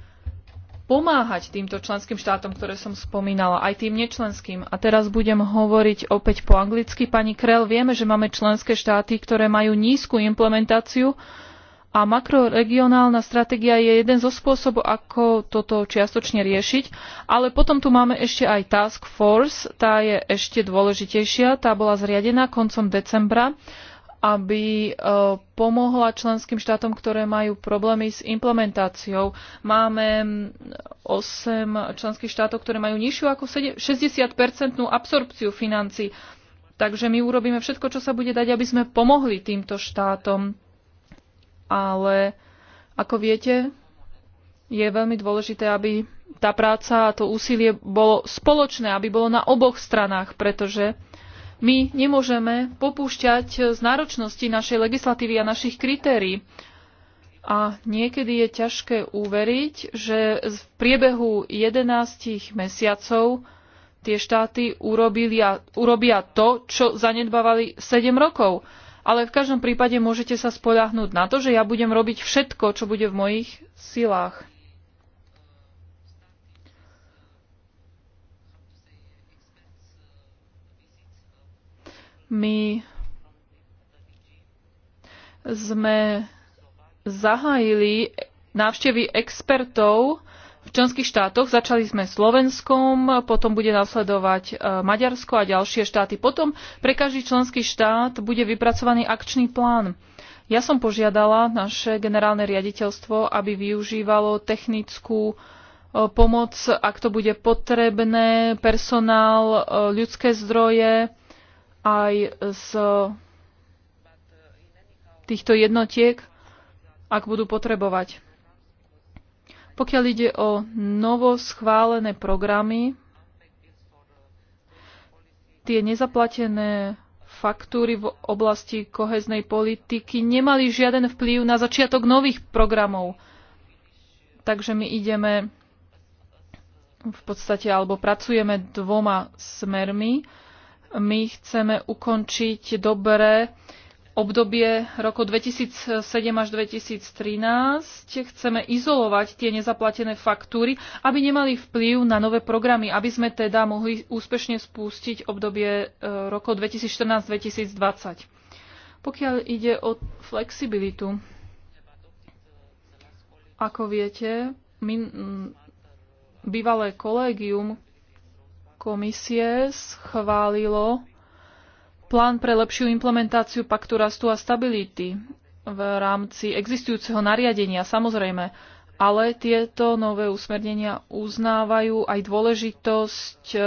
pomáhať týmto členským štátom, ktoré som spomínala, aj tým nečlenským. A teraz budem hovoriť opäť po anglicky. Pani Krell, vieme, že máme členské štáty, ktoré majú nízku implementáciu a makroregionálna stratégia je jeden zo spôsobov, ako toto čiastočne riešiť. Ale potom tu máme ešte aj Task Force, tá je ešte dôležitejšia, tá bola zriadená koncom decembra aby e, pomohla členským štátom, ktoré majú problémy s implementáciou. Máme 8 členských štátov, ktoré majú nižšiu ako 60-percentnú absorpciu financí. Takže my urobíme všetko, čo sa bude dať, aby sme pomohli týmto štátom. Ale ako viete, je veľmi dôležité, aby tá práca a to úsilie bolo spoločné, aby bolo na oboch stranách, pretože my nemôžeme popúšťať z náročnosti našej legislatívy a našich kritérií. A niekedy je ťažké uveriť, že v priebehu 11 mesiacov tie štáty urobia, urobia to, čo zanedbávali 7 rokov. Ale v každom prípade môžete sa spoľahnúť na to, že ja budem robiť všetko, čo bude v mojich silách. My sme zahájili návštevy expertov v členských štátoch. Začali sme Slovenskom, potom bude nasledovať e, Maďarsko a ďalšie štáty. Potom pre každý členský štát bude vypracovaný akčný plán. Ja som požiadala naše generálne riaditeľstvo, aby využívalo technickú e, pomoc, ak to bude potrebné, personál, e, ľudské zdroje, aj z týchto jednotiek, ak budú potrebovať. Pokiaľ ide o novo schválené programy, tie nezaplatené faktúry v oblasti koheznej politiky nemali žiaden vplyv na začiatok nových programov. Takže my ideme v podstate alebo pracujeme dvoma smermi. My chceme ukončiť dobré obdobie roku 2007 až 2013. Chceme izolovať tie nezaplatené faktúry, aby nemali vplyv na nové programy, aby sme teda mohli úspešne spustiť obdobie e, roku 2014-2020. Pokiaľ ide o flexibilitu, ako viete, my, bývalé kolégium komisie schválilo plán pre lepšiu implementáciu paktu rastu a stability v rámci existujúceho nariadenia, samozrejme, ale tieto nové usmernenia uznávajú aj dôležitosť e,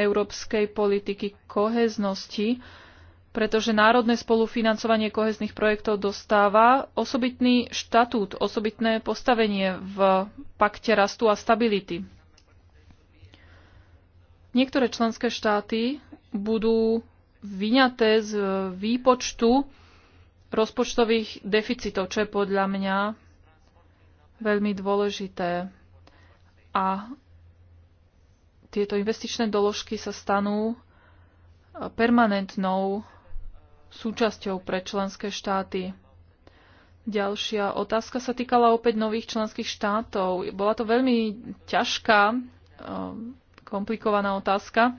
európskej politiky koheznosti, pretože národné spolufinancovanie kohezných projektov dostáva osobitný štatút, osobitné postavenie v pakte rastu a stability. Niektoré členské štáty budú vyňaté z výpočtu rozpočtových deficitov, čo je podľa mňa veľmi dôležité. A tieto investičné doložky sa stanú permanentnou súčasťou pre členské štáty. Ďalšia otázka sa týkala opäť nových členských štátov. Bola to veľmi ťažká komplikovaná otázka.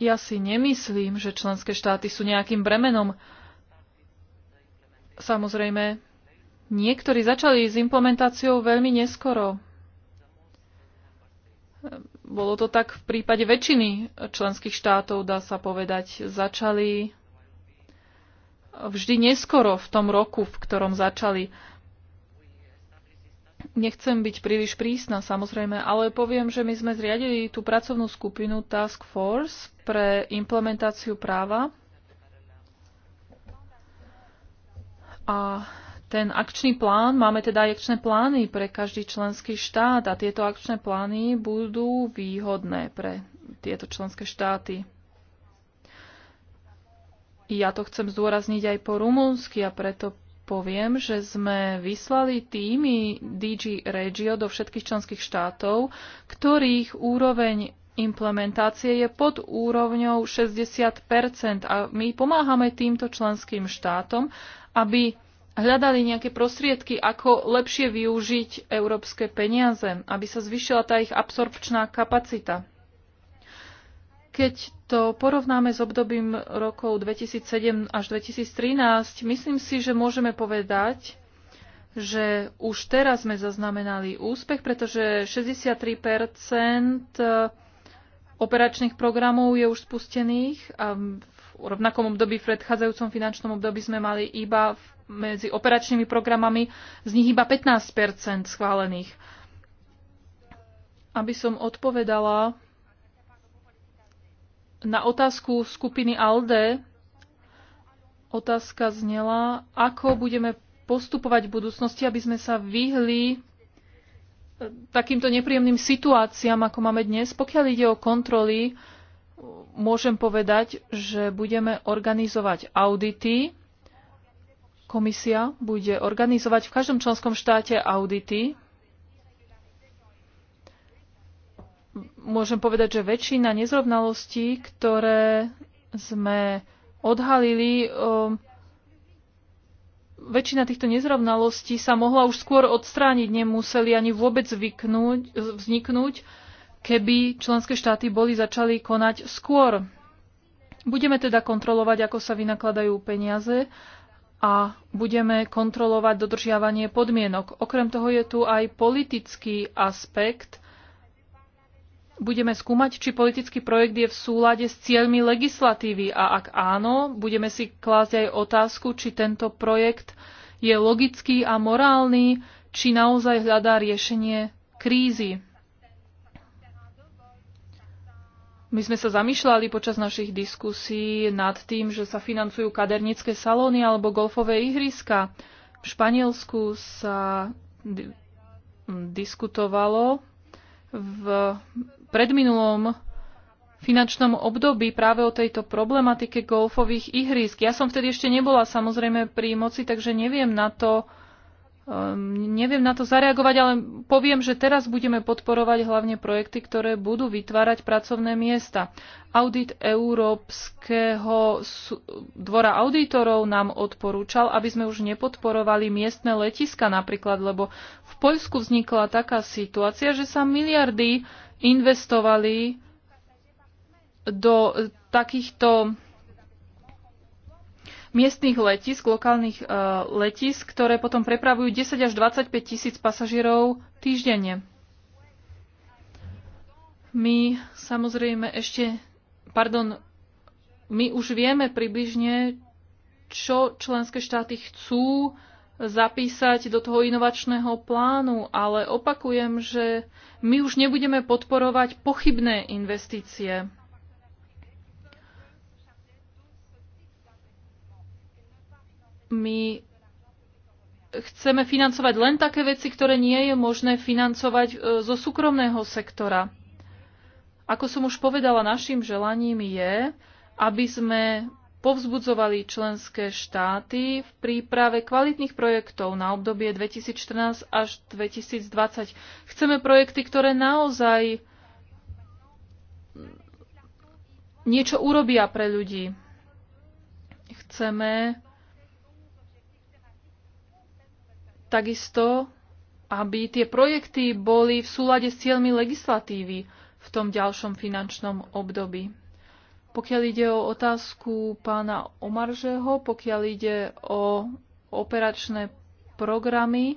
Ja si nemyslím, že členské štáty sú nejakým bremenom. Samozrejme, niektorí začali s implementáciou veľmi neskoro. Bolo to tak v prípade väčšiny členských štátov, dá sa povedať. Začali vždy neskoro v tom roku, v ktorom začali. Nechcem byť príliš prísna, samozrejme, ale poviem, že my sme zriadili tú pracovnú skupinu Task Force pre implementáciu práva a ten akčný plán, máme teda akčné plány pre každý členský štát a tieto akčné plány budú výhodné pre tieto členské štáty. Ja to chcem zdôrazniť aj po rumúnsky a preto poviem, že sme vyslali týmy DG Regio do všetkých členských štátov, ktorých úroveň implementácie je pod úrovňou 60 a my pomáhame týmto členským štátom, aby hľadali nejaké prostriedky, ako lepšie využiť európske peniaze, aby sa zvyšila tá ich absorpčná kapacita. Keď to porovnáme s obdobím rokov 2007 až 2013, myslím si, že môžeme povedať, že už teraz sme zaznamenali úspech, pretože 63 eh, operačných programov je už spustených a v rovnakom období, v predchádzajúcom finančnom období sme mali iba medzi operačnými programami z nich iba 15 schválených. Aby som odpovedala na otázku skupiny ALDE otázka znela, ako budeme postupovať v budúcnosti, aby sme sa vyhli eh, takýmto nepríjemným situáciám, ako máme dnes. Pokiaľ ide o kontroly, môžem povedať, že budeme organizovať audity. Komisia bude organizovať v každom členskom štáte audity môžem povedať, že väčšina nezrovnalostí, ktoré sme odhalili, um, väčšina týchto nezrovnalostí sa mohla už skôr odstrániť, nemuseli ani vôbec vyknúť, vzniknúť, keby členské štáty boli začali konať skôr. Budeme teda kontrolovať, ako sa vynakladajú peniaze a budeme kontrolovať dodržiavanie podmienok. Okrem toho je tu aj politický aspekt, budeme skúmať, či politický projekt je v súlade s cieľmi legislatívy a ak áno, budeme si klásť aj otázku, či tento projekt je logický a morálny, či naozaj hľadá riešenie krízy. My sme sa zamýšľali počas našich diskusí nad tým, že sa financujú kadernické salóny alebo golfové ihriska. V Španielsku sa diskutovalo v predminulom finančnom období práve o tejto problematike golfových ihrísk. Ja som vtedy ešte nebola samozrejme pri moci, takže neviem na to, um, neviem na to zareagovať, ale poviem, že teraz budeme podporovať hlavne projekty, ktoré budú vytvárať pracovné miesta. Audit Európskeho dvora auditorov nám odporúčal, aby sme už nepodporovali miestne letiska napríklad, lebo v Poľsku vznikla taká situácia, že sa miliardy investovali do takýchto miestných letisk, lokálnych e, letisk, ktoré potom prepravujú 10 až 25 tisíc pasažierov týždenne. My samozrejme ešte, pardon, my už vieme približne, čo členské štáty chcú uh, zapísať do toho inovačného plánu, ale opakujem, že my už nebudeme podporovať pochybné investície. My chceme financovať len také veci, ktoré nie je možné financovať e, zo súkromného sektora. Ako som už povedala, našim želaním je, aby sme povzbudzovali členské štáty v príprave kvalitných projektov na obdobie 2014 až 2020. Chceme projekty, ktoré naozaj niečo urobia pre ľudí. Chceme takisto, aby tie projekty boli v súlade s cieľmi legislatívy v tom ďalšom finančnom období. Pokiaľ ide o otázku pána Omaržeho, pokiaľ ide o operačné programy,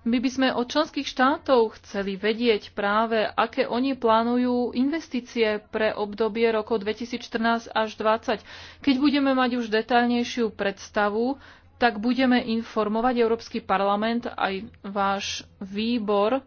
my by sme od členských štátov chceli vedieť práve, aké oni plánujú investície pre obdobie rokov 2014 až 2020. Keď budeme mať už detaľnejšiu predstavu, tak budeme informovať Európsky parlament aj váš výbor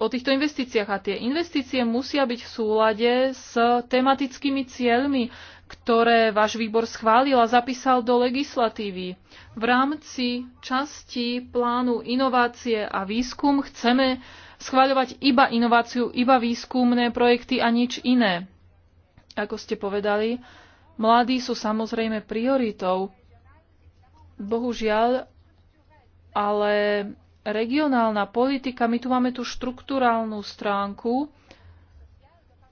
o týchto investíciách a tie investície musia byť v súlade s tematickými cieľmi, ktoré váš výbor schválil a zapísal do legislatívy. V rámci časti plánu inovácie a výskum chceme schváľovať iba inováciu, iba výskumné projekty a nič iné. Ako ste povedali, mladí sú samozrejme prioritou. Bohužiaľ, ale regionálna politika, my tu máme tú štruktúrálnu stránku,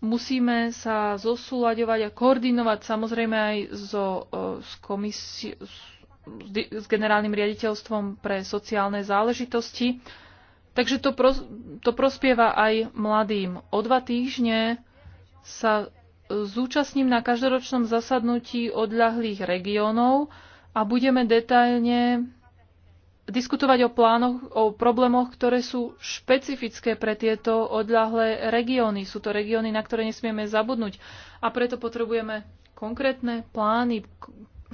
musíme sa zosúľaďovať a koordinovať samozrejme aj so, e, s, komisi- s, s generálnym riaditeľstvom pre sociálne záležitosti. Takže to, pros- to prospieva aj mladým. O dva týždne sa zúčastním na každoročnom zasadnutí odľahlých regiónov a budeme detailne diskutovať o plánoch, o problémoch, ktoré sú špecifické pre tieto odľahlé regióny. Sú to regióny, na ktoré nesmieme zabudnúť. A preto potrebujeme konkrétne plány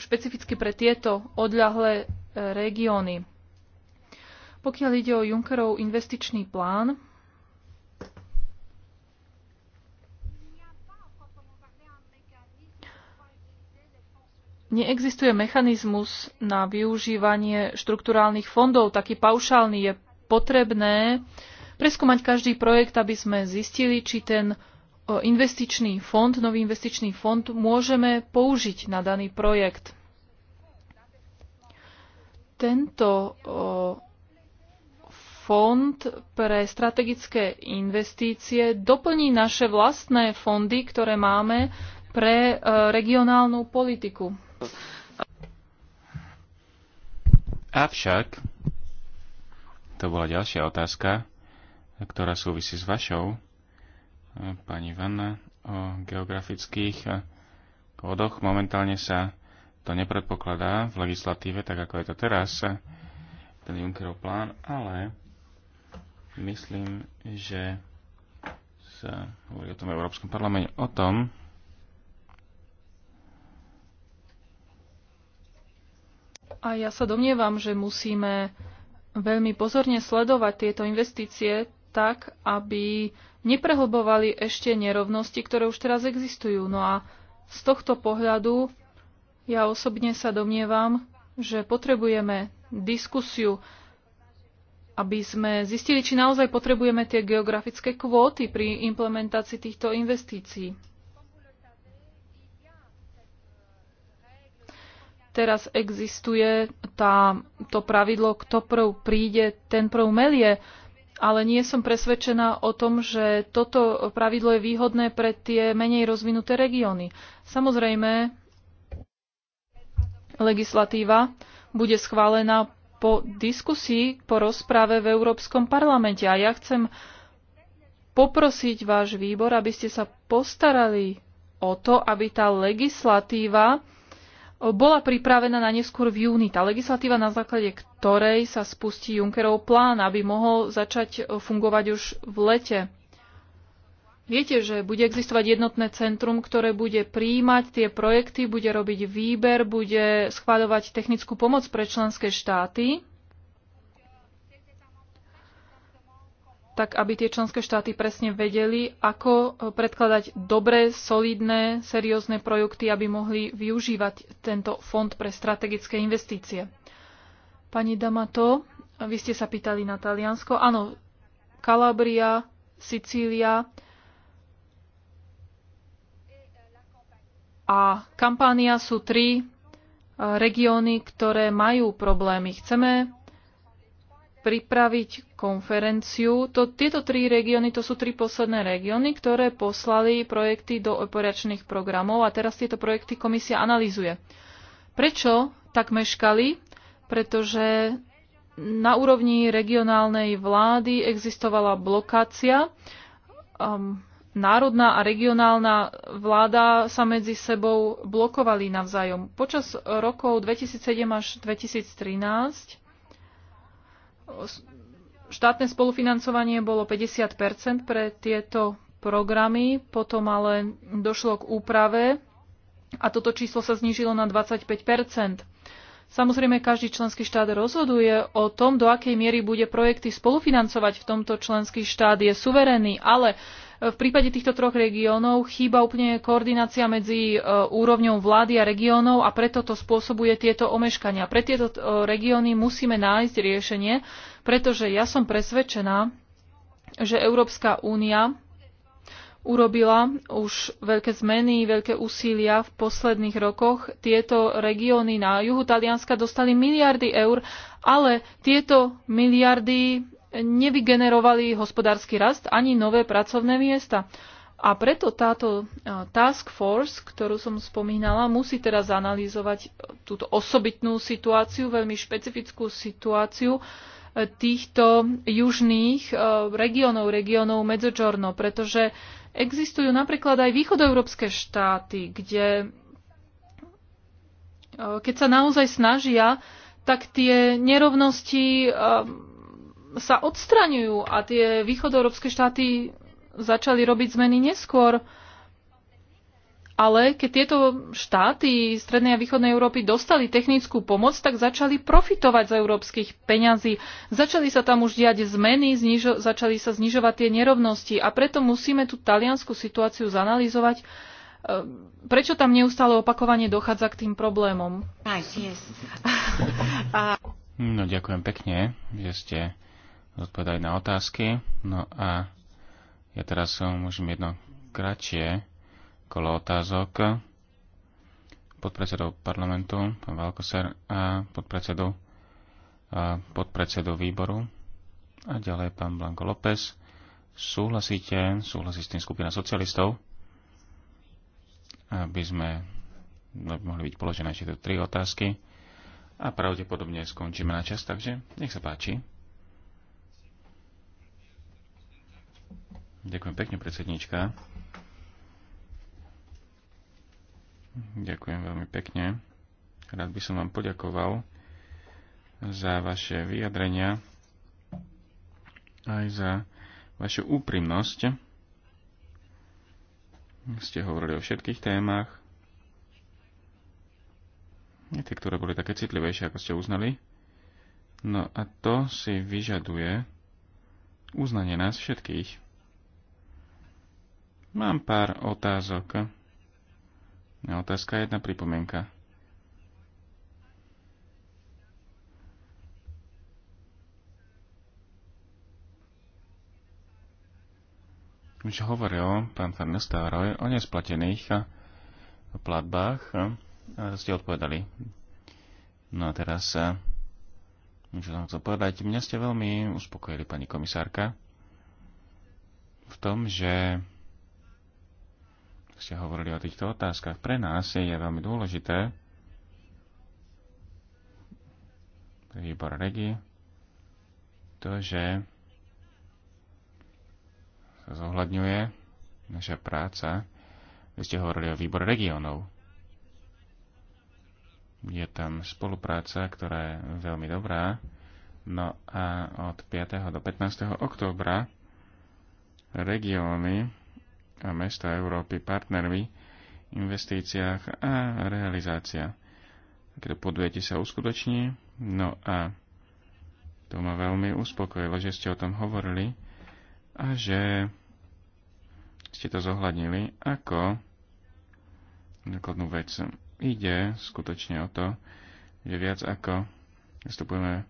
špecificky pre tieto odľahlé e, regióny. Pokiaľ ide o Junckerov investičný plán, Neexistuje mechanizmus na využívanie štrukturálnych fondov, taký paušálny je potrebné preskúmať každý projekt, aby sme zistili, či ten e, investičný fond, nový investičný fond môžeme použiť na daný projekt. Tento e, fond pre strategické investície doplní naše vlastné fondy, ktoré máme pre e, regionálnu politiku. Avšak, to bola ďalšia otázka, ktorá súvisí s vašou, e, pani Vanna, o geografických e, kódoch. Momentálne sa to nepredpokladá v legislatíve, tak ako je to teraz, e, ten Junckerov plán, ale myslím, že sa hovorí o tom Európskom parlamente, o tom, A ja sa domnievam, že musíme veľmi pozorne sledovať tieto investície tak, aby neprehlbovali ešte nerovnosti, ktoré už teraz existujú. No a z tohto pohľadu ja osobne sa domnievam, že potrebujeme diskusiu, aby sme zistili, či naozaj potrebujeme tie geografické kvóty pri implementácii týchto investícií. teraz existuje tá, to pravidlo, kto prv príde, ten prv melie, ale nie som presvedčená o tom, že toto pravidlo je výhodné pre tie menej rozvinuté regióny. Samozrejme, legislatíva bude schválená po diskusii, po rozprave v Európskom parlamente. A ja chcem poprosiť váš výbor, aby ste sa postarali o to, aby tá legislatíva bola pripravená na neskôr v júni. Tá legislatíva, na základe ktorej sa spustí Junckerov plán, aby mohol začať e, fungovať už v lete. Viete, že bude existovať jednotné centrum, ktoré bude príjmať tie projekty, bude robiť výber, bude schváľovať technickú pomoc pre členské štáty tak aby tie členské štáty presne vedeli, ako e, predkladať dobré, solidné, seriózne projekty, aby mohli využívať tento fond pre strategické investície. Pani Damato, vy ste sa pýtali na Taliansko. Áno, Kalabria, Sicília a Kampánia sú tri e, regióny, ktoré majú problémy. Chceme pripraviť konferenciu. To, tieto tri regióny, to sú tri posledné regióny, ktoré poslali projekty do operačných programov a teraz tieto projekty komisia analizuje. Prečo tak meškali? Pretože na úrovni regionálnej vlády existovala blokácia. Um, národná a regionálna vláda sa medzi sebou blokovali navzájom. Počas rokov 2007 až 2013 Štátne spolufinancovanie bolo 50 pre tieto programy, potom ale došlo k úprave a toto číslo sa znížilo na 25 Samozrejme, každý členský štát rozhoduje o tom, do akej miery bude projekty spolufinancovať v tomto členský štát, je suverénny, ale v prípade týchto troch regiónov chýba úplne koordinácia medzi e, úrovňou vlády a regiónov a preto to spôsobuje tieto omeškania. Pre tieto e, regióny musíme nájsť riešenie, pretože ja som presvedčená, že Európska únia urobila už veľké zmeny, veľké úsilia v posledných rokoch. Tieto regióny na juhu Talianska dostali miliardy eur, ale tieto miliardy nevygenerovali hospodársky rast ani nové pracovné miesta. A preto táto e, task force, ktorú som spomínala, musí teraz analyzovať e, túto osobitnú situáciu, veľmi špecifickú situáciu e, týchto južných regiónov, regiónov Medzočorno, pretože existujú napríklad aj východoeurópske štáty, kde keď sa naozaj snažia, tak tie nerovnosti sa odstraňujú a tie východoeurópske štáty začali robiť zmeny neskôr. Ale keď tieto štáty Strednej a Východnej Európy dostali technickú pomoc, tak začali profitovať z európskych peňazí. Začali sa tam už diať zmeny, znižo- začali sa znižovať tie nerovnosti a preto musíme tú taliansku situáciu zanalýzovať. E, prečo tam neustále opakovanie dochádza k tým problémom? No, ďakujem pekne, že ste odpovedali na otázky. No a ja teraz môžem jedno kratšie kolo otázok podpredsedov parlamentu, pán Valkoser, a podpredsedu, a podpredsedu výboru a ďalej pán Blanko López. Súhlasíte, súhlasí s tým skupina socialistov, aby sme aby mohli byť položené tieto tri otázky a pravdepodobne skončíme na čas, takže nech sa páči. Ďakujem pekne, predsednička. Ďakujem veľmi pekne. Rád by som vám poďakoval za vaše vyjadrenia aj za vašu úprimnosť. Ste hovorili o všetkých témach. Nie tie, ktoré boli také citlivejšie, ako ste uznali. No a to si vyžaduje uznanie nás všetkých. Mám pár otázok. Otázka jedna pripomienka. Už hovoril pán Farnestároj o nesplatených platbách a ste odpovedali. No a teraz, čo som chcel povedať, mňa ste veľmi uspokojili, pani komisárka, v tom, že ste hovorili o týchto otázkach. Pre nás je veľmi dôležité výbor regi to, že sa zohľadňuje naša práca. Vy ste hovorili o výbor regionov. Je tam spolupráca, ktorá je veľmi dobrá. No a od 5. do 15. októbra regióny a mesta Európy partnermi v investíciách a realizácia. Keď podujete sa uskutoční, no a to ma veľmi uspokojilo, že ste o tom hovorili a že ste to zohľadnili ako základnú vec. Ide skutočne o to, že viac ako vystupujeme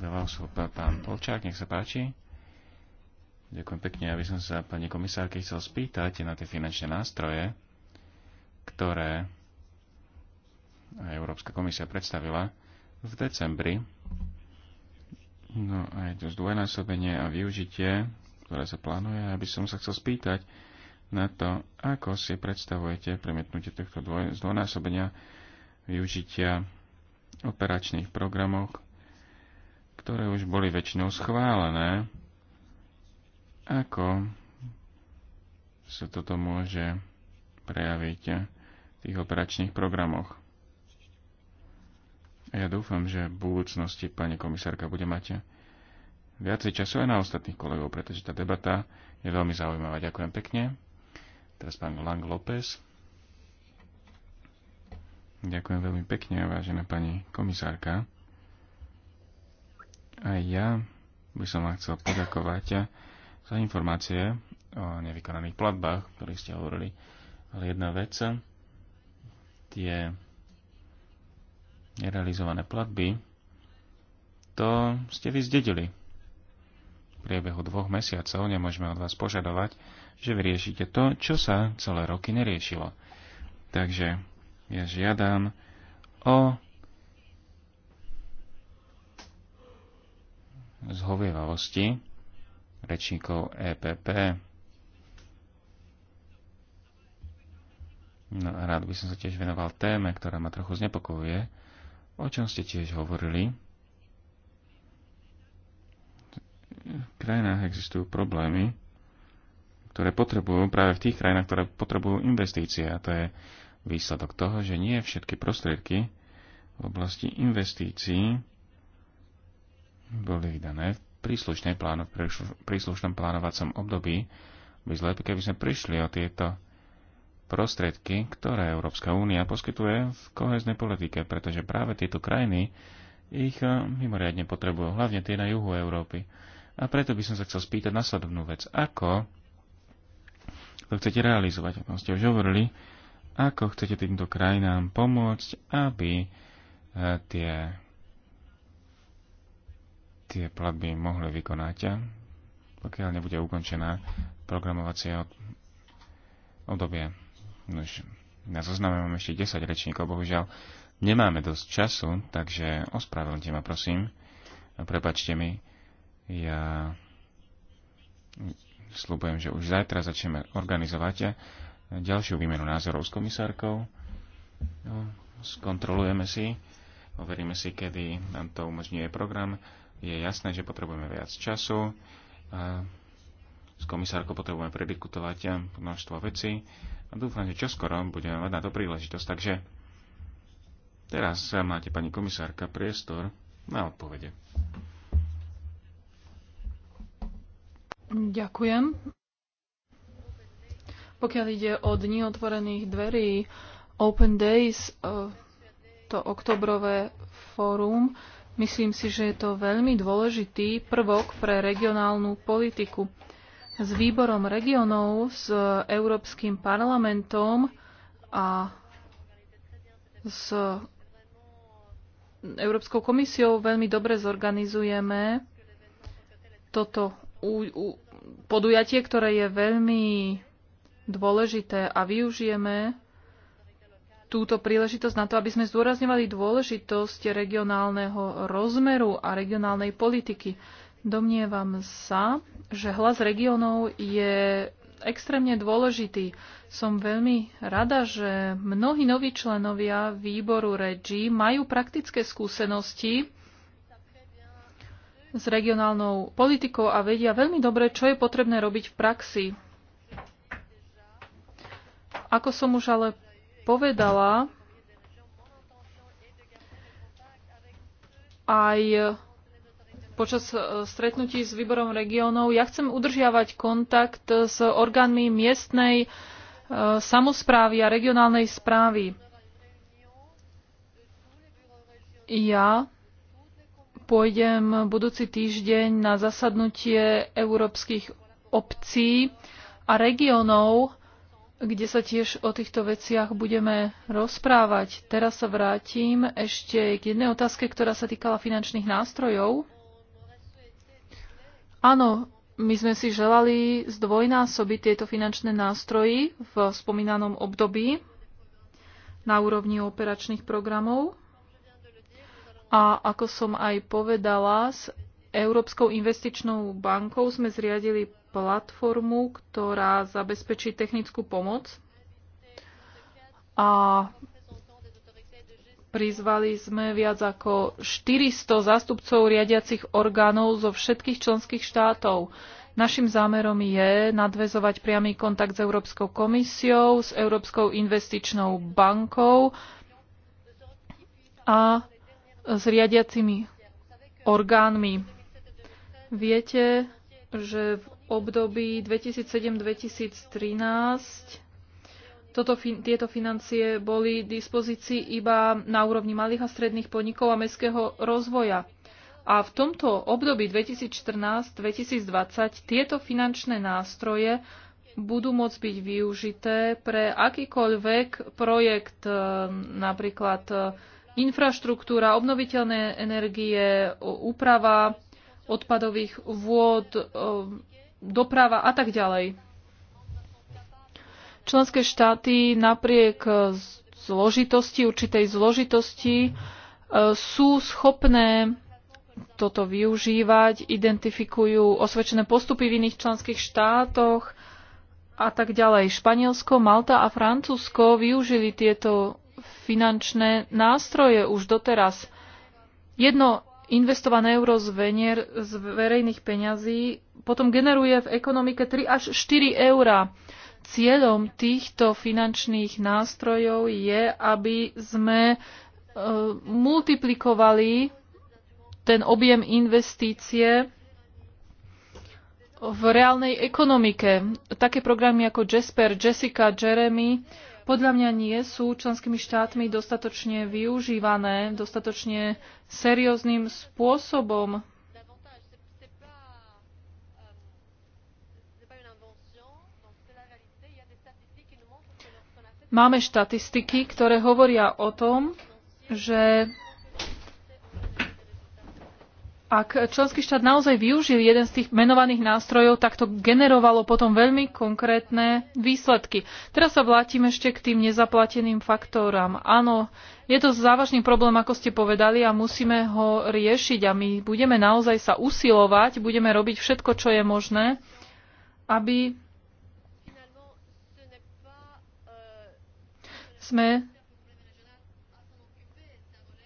veľa osôb. Pán Polčák, nech sa páči. Ďakujem pekne. ja by som sa pani komisárky chcel spýtať na tie finančné nástroje, ktoré Európska komisia predstavila v decembri. No a je to zdvojnásobenie a využitie, ktoré sa plánuje, aby som sa chcel spýtať na to, ako si predstavujete premietnutie tohto dvoj, zdvojnásobenia využitia operačných programov, ktoré už boli väčšinou schválené ako sa toto môže prejaviť v tých operačných programoch? Ja dúfam, že v budúcnosti pani komisárka bude mať viacej času aj na ostatných kolegov, pretože tá debata je veľmi zaujímavá. Ďakujem pekne. Teraz pán Lang López. Ďakujem veľmi pekne, vážená pani komisárka. A ja by som vám chcel poďakovať za informácie o nevykonaných platbách, o ktorých ste hovorili. Ale jedna vec, tie nerealizované platby, to ste vy zdedili. V priebehu dvoch mesiacov nemôžeme od vás požadovať, že vyriešite to, čo sa celé roky neriešilo. Takže ja žiadam o zhovievavosti rečníkov EPP. No a rád by som sa tiež venoval téme, ktorá ma trochu znepokojuje, o čom ste tiež hovorili. V krajinách existujú problémy, ktoré potrebujú práve v tých krajinách, ktoré potrebujú investície. A to je výsledok toho, že nie všetky prostriedky v oblasti investícií boli vydané v príslušnej v príslušnom plánovacom období by zle, keby sme prišli o tieto prostriedky, ktoré Európska únia poskytuje v koheznej politike, pretože práve tieto krajiny ich eh, mimoriadne potrebujú, hlavne tie na juhu Európy. A preto by som sa chcel spýtať nasledovnú vec. Ako to chcete realizovať, ako ste už hovorili, ako chcete týmto krajinám pomôcť, aby eh, tie tie platby mohli vykonať, pokiaľ nebude ukončená programovacie obdobie. Už na zozname mám ešte 10 rečníkov, bohužiaľ nemáme dosť času, takže ospravedlňte ma prosím. Prepačte mi, ja slúbujem, že už zajtra začneme organizovať ďalšiu výmenu názorov s komisárkou. No, skontrolujeme si, overíme si, kedy nám to umožňuje program je jasné, že potrebujeme viac času. S komisárkou potrebujeme predikutovať eh, množstvo vecí a dúfam, že čoskoro budeme mať na to príležitosť. Takže teraz eh, máte, pani komisárka, priestor na odpovede. Ďakujem. Pokiaľ ide o dni otvorených dverí, Open Days, eh, to oktobrové fórum, Myslím si, že je to veľmi dôležitý prvok pre regionálnu politiku. S výborom regionov, s Európskym parlamentom a s Európskou komisiou veľmi dobre zorganizujeme toto podujatie, ktoré je veľmi dôležité a využijeme túto príležitosť na to, aby sme zdôrazňovali dôležitosť regionálneho rozmeru a regionálnej politiky. Domnievam sa, že hlas regionov je extrémne dôležitý. Som veľmi rada, že mnohí noví členovia výboru REGI majú praktické skúsenosti s regionálnou politikou a vedia veľmi dobre, čo je potrebné robiť v praxi. Ako som už ale povedala, aj počas e, stretnutí s výborom regiónov. Ja chcem udržiavať kontakt s orgánmi miestnej e, samozprávy a regionálnej správy. Ja pôjdem budúci týždeň na zasadnutie európskych obcí a regiónov kde sa tiež o týchto veciach budeme rozprávať. Teraz sa vrátim ešte k jednej otázke, ktorá sa týkala finančných nástrojov. Áno, my sme si želali zdvojnásobiť tieto finančné nástroji v spomínanom období na úrovni operačných programov. A ako som aj povedala, s Európskou investičnou bankou sme zriadili platformu, ktorá zabezpečí technickú pomoc a prizvali sme viac ako 400 zástupcov riadiacich orgánov zo všetkých členských štátov. Našim zámerom je nadvezovať priamy kontakt s Európskou komisiou, s Európskou investičnou bankou a s riadiacimi orgánmi. Viete, že v období 2007-2013 toto, tieto financie boli dispozícii iba na úrovni malých a stredných podnikov a mestského rozvoja. A v tomto období 2014-2020 tieto finančné nástroje budú môcť byť využité pre akýkoľvek projekt, e, napríklad e, infraštruktúra, obnoviteľné energie, úprava odpadových vôd, e, doprava a tak ďalej. Členské štáty napriek zložitosti, určitej zložitosti, e, sú schopné toto využívať, identifikujú osvedčené postupy v iných členských štátoch a tak ďalej. Španielsko, Malta a Francúzsko využili tieto finančné nástroje už doteraz. Jedno investované euro z, venier, z verejných peňazí potom generuje v ekonomike 3 až 4 eurá. Cieľom týchto finančných nástrojov je, aby sme e, multiplikovali ten objem investície v reálnej ekonomike. Také programy ako Jasper, Jessica, Jeremy podľa mňa nie sú členskými štátmi dostatočne využívané, dostatočne seriózným spôsobom. Máme štatistiky, ktoré hovoria o tom, že ak členský štát naozaj využil jeden z tých menovaných nástrojov, tak to generovalo potom veľmi konkrétne výsledky. Teraz sa vlátim ešte k tým nezaplateným faktorám. Áno, je to závažný problém, ako ste povedali, a musíme ho riešiť a my budeme naozaj sa usilovať, budeme robiť všetko, čo je možné, aby sme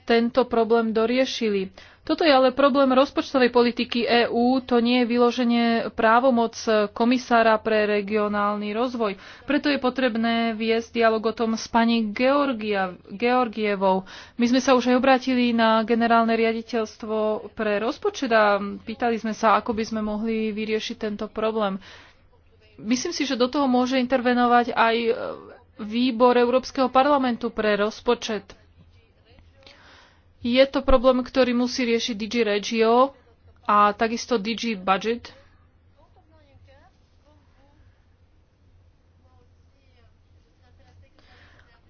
tento problém doriešili. Toto je ale problém rozpočtovej politiky EÚ, to nie je vyloženie právomoc komisára pre regionálny rozvoj. Preto je potrebné viesť dialog o tom s pani Georgia, Georgievou. My sme sa už aj obrátili na generálne riaditeľstvo pre rozpočet a pýtali sme sa, ako by sme mohli vyriešiť tento problém. Myslím si, že do toho môže intervenovať aj e, výbor Európskeho parlamentu pre rozpočet, je to problém, ktorý musí riešiť DG Regio a takisto DG Budget.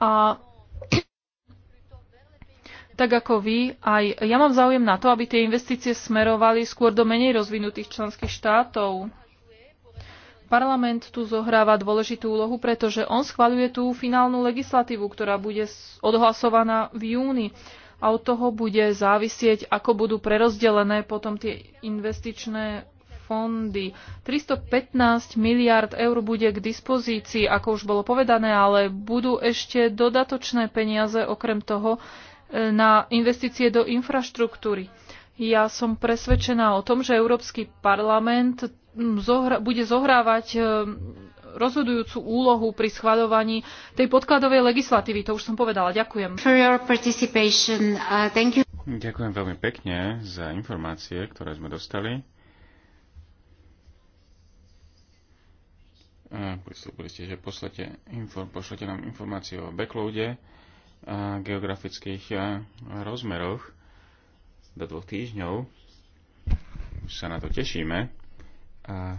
A tak ako vy, aj ja mám záujem na to, aby tie investície smerovali skôr do menej rozvinutých členských štátov. Parlament tu zohráva dôležitú úlohu, pretože on schvaľuje tú finálnu legislatívu, ktorá bude odhlasovaná v júni a od toho bude závisieť, ako budú prerozdelené potom tie investičné fondy. 315 miliard eur bude k dispozícii, ako už bolo povedané, ale budú ešte dodatočné peniaze okrem toho e, na investície do infraštruktúry. Ja som presvedčená o tom, že Európsky parlament zohra- bude zohrávať e, rozhodujúcu úlohu pri schvaľovaní tej podkladovej legislatívy. To už som povedala. Ďakujem. Uh, Ďakujem veľmi pekne za informácie, ktoré sme dostali. Pristúpili ste, že pošlete nám informácie o backloade a geografických rozmeroch do dvoch týždňov. Už sa na to tešíme. A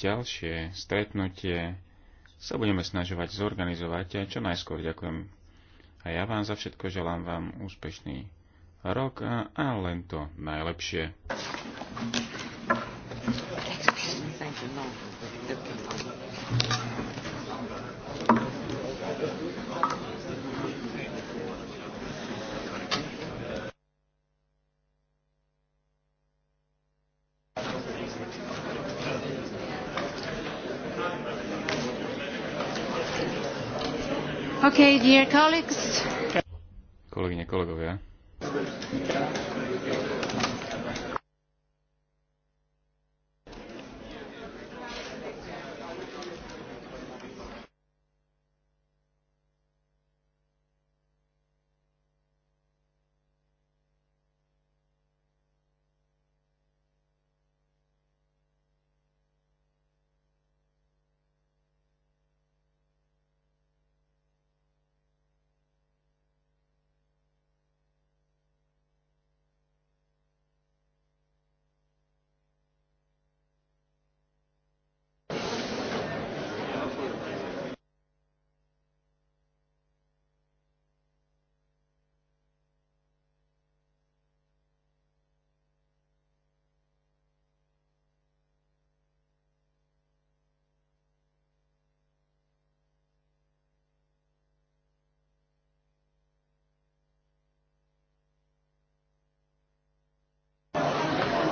ďalšie stretnutie sa budeme snažovať zorganizovať čo najskôr. Ďakujem a ja vám za všetko želám vám úspešný rok a, a len to najlepšie. Thank you. Okay, dear colleagues. Kolegyne, kolegovia.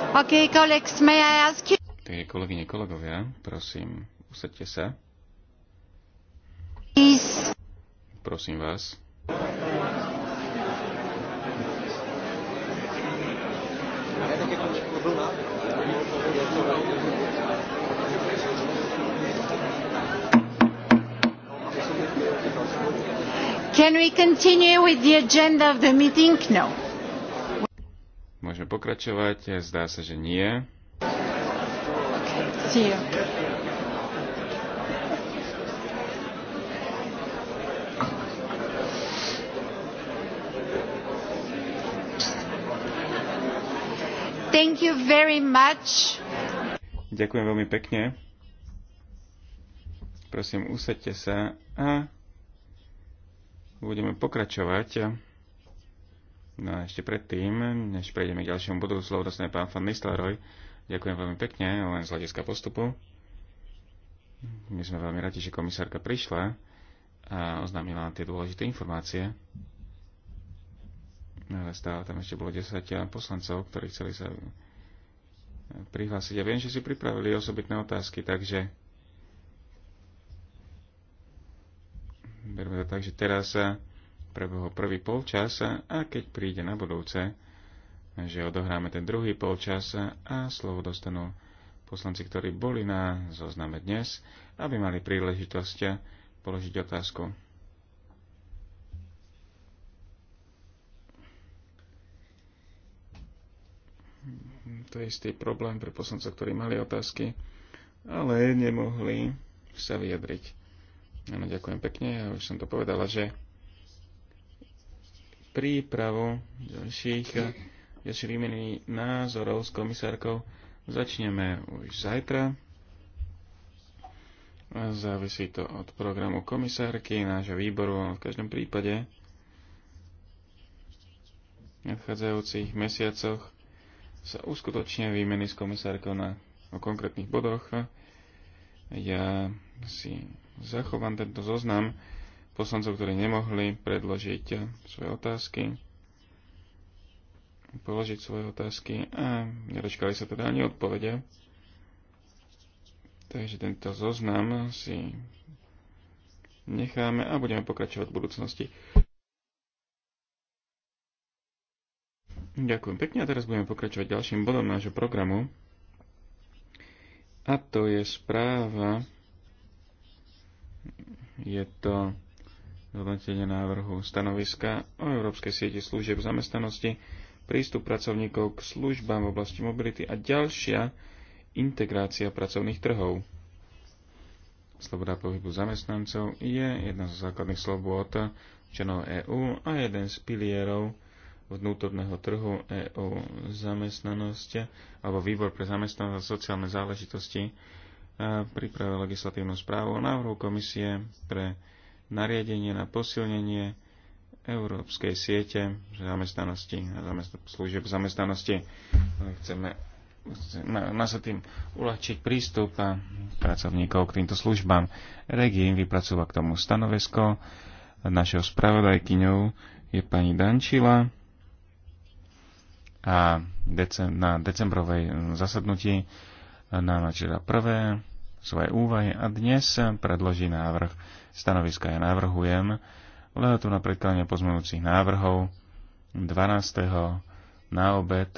Okay, colleagues, may I Takže kolegyne, kolegovia, prosím, usadte sa. Prosím vás. Can we continue with the agenda of the meeting? No. Môžeme pokračovať. Zdá sa, že nie. Thank you very much. Ďakujem veľmi pekne. Prosím, usaďte sa a budeme pokračovať. No a ešte predtým, než prejdeme k ďalšiemu bodu, slovo dostane pán Fan Nistelrooy. Ďakujem veľmi pekne, len z hľadiska postupu. My sme veľmi radi, že komisárka prišla a oznámila nám tie dôležité informácie. Ale stále tam ešte bolo 10 poslancov, ktorí chceli sa prihlásiť. Ja viem, že si pripravili osobitné otázky, takže berme to tak, že teraz sa prebehol prvý polčas a keď príde na budúce, že odohráme ten druhý polčas a slovo dostanú poslanci, ktorí boli na zozname dnes, aby mali príležitosť položiť otázku. To je istý problém pre poslancov, ktorí mali otázky, ale nemohli sa vyjadriť. ďakujem pekne, ja už som to povedala, že prípravu ďalších, ďalších výmeny názorov s komisárkou začneme už zajtra. Závisí to od programu komisárky, nášho výboru, ale v každom prípade v nadchádzajúcich mesiacoch sa uskutočne výmeny s komisárkou na, o konkrétnych bodoch. Ja si zachovám tento zoznam poslancov, ktorí nemohli predložiť svoje otázky, položiť svoje otázky a nedočkali sa teda ani odpovede. Takže tento zoznam si necháme a budeme pokračovať v budúcnosti. Ďakujem pekne a teraz budeme pokračovať ďalším bodom nášho programu. A to je správa. Je to hodnotenie návrhu stanoviska o Európskej sieti služieb zamestnanosti, prístup pracovníkov k službám v oblasti mobility a ďalšia integrácia pracovných trhov. Sloboda pohybu zamestnancov je jedna zo základných slobôd členov EÚ a jeden z pilierov vnútorného trhu EÚ zamestnanosť alebo výbor pre zamestnanosť a sociálne záležitosti eh, pripravil legislatívnu správu o návrhu komisie pre nariadenie na posilnenie európskej siete zamestnanosti a služieb zamestnanosti. Chceme, chceme na sa tým uľahčiť prístup a pracovníkov k týmto službám. Regín vypracúva k tomu stanovisko. Našou spravodajkyňou je pani Dančila a decem, na decembrovej zasadnutí nám načíta prvé svoje úvahy a dnes predloží návrh stanoviska. Ja navrhujem tu na predkladanie pozmenujúcich návrhov 12. na obed,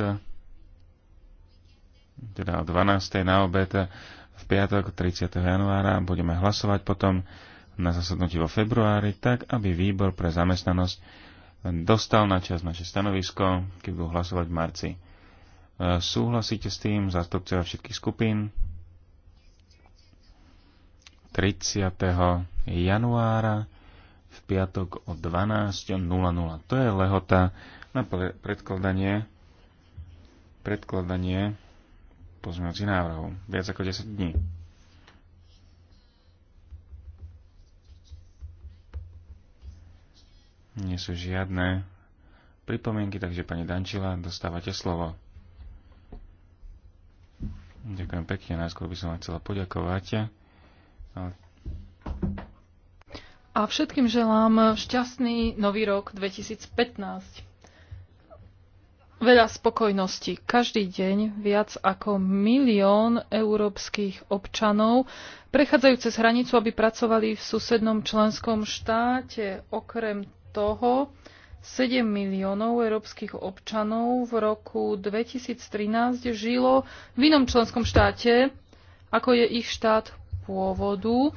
teda o 12. na obed v piatok 30. januára. Budeme hlasovať potom na zasadnutí vo februári, tak aby výbor pre zamestnanosť dostal na čas naše stanovisko, keď budú hlasovať v marci. E, súhlasíte s tým, zastupcovia všetkých skupín? 30. januára v piatok o 12.00. To je lehota na predkladanie, predkladanie pozmeňovacích návrhov. Viac ako 10 dní. Nie sú žiadne pripomienky, takže pani Dančila, dostávate slovo. Ďakujem pekne, najskôr by som vám chcela poďakovať a všetkým želám šťastný nový rok 2015. Veľa spokojnosti. Každý deň viac ako milión európskych občanov prechádzajú cez hranicu, aby pracovali v susednom členskom štáte. Okrem toho, 7 miliónov európskych občanov v roku 2013 žilo v inom členskom štáte, ako je ich štát pôvodu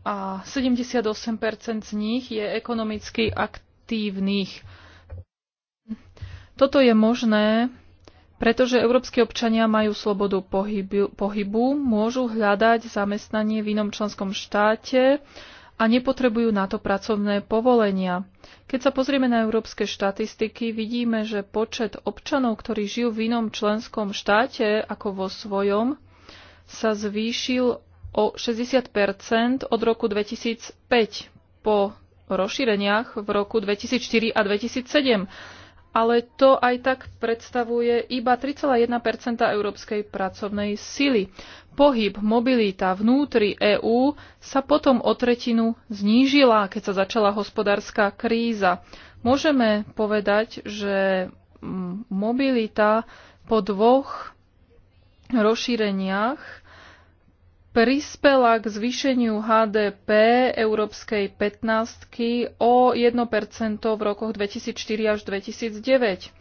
a 78 z nich je ekonomicky aktívnych. Toto je možné, pretože európsky občania majú slobodu pohybu, pohybu, môžu hľadať zamestnanie v inom členskom štáte a nepotrebujú na to pracovné povolenia. Keď sa pozrieme na európske štatistiky, vidíme, že počet občanov, ktorí žijú v inom členskom štáte ako vo svojom, sa zvýšil o 60 od roku 2005 po rozšíreniach v roku 2004 a 2007. Ale to aj tak predstavuje iba 3,1 európskej pracovnej sily. Pohyb, mobilita vnútri EÚ sa potom o tretinu znížila, keď sa začala hospodárska kríza. Môžeme povedať, že mm, mobilita po dvoch rozšíreniach prispela k zvýšeniu HDP európskej 15 o 1% v rokoch 2004 až 2009.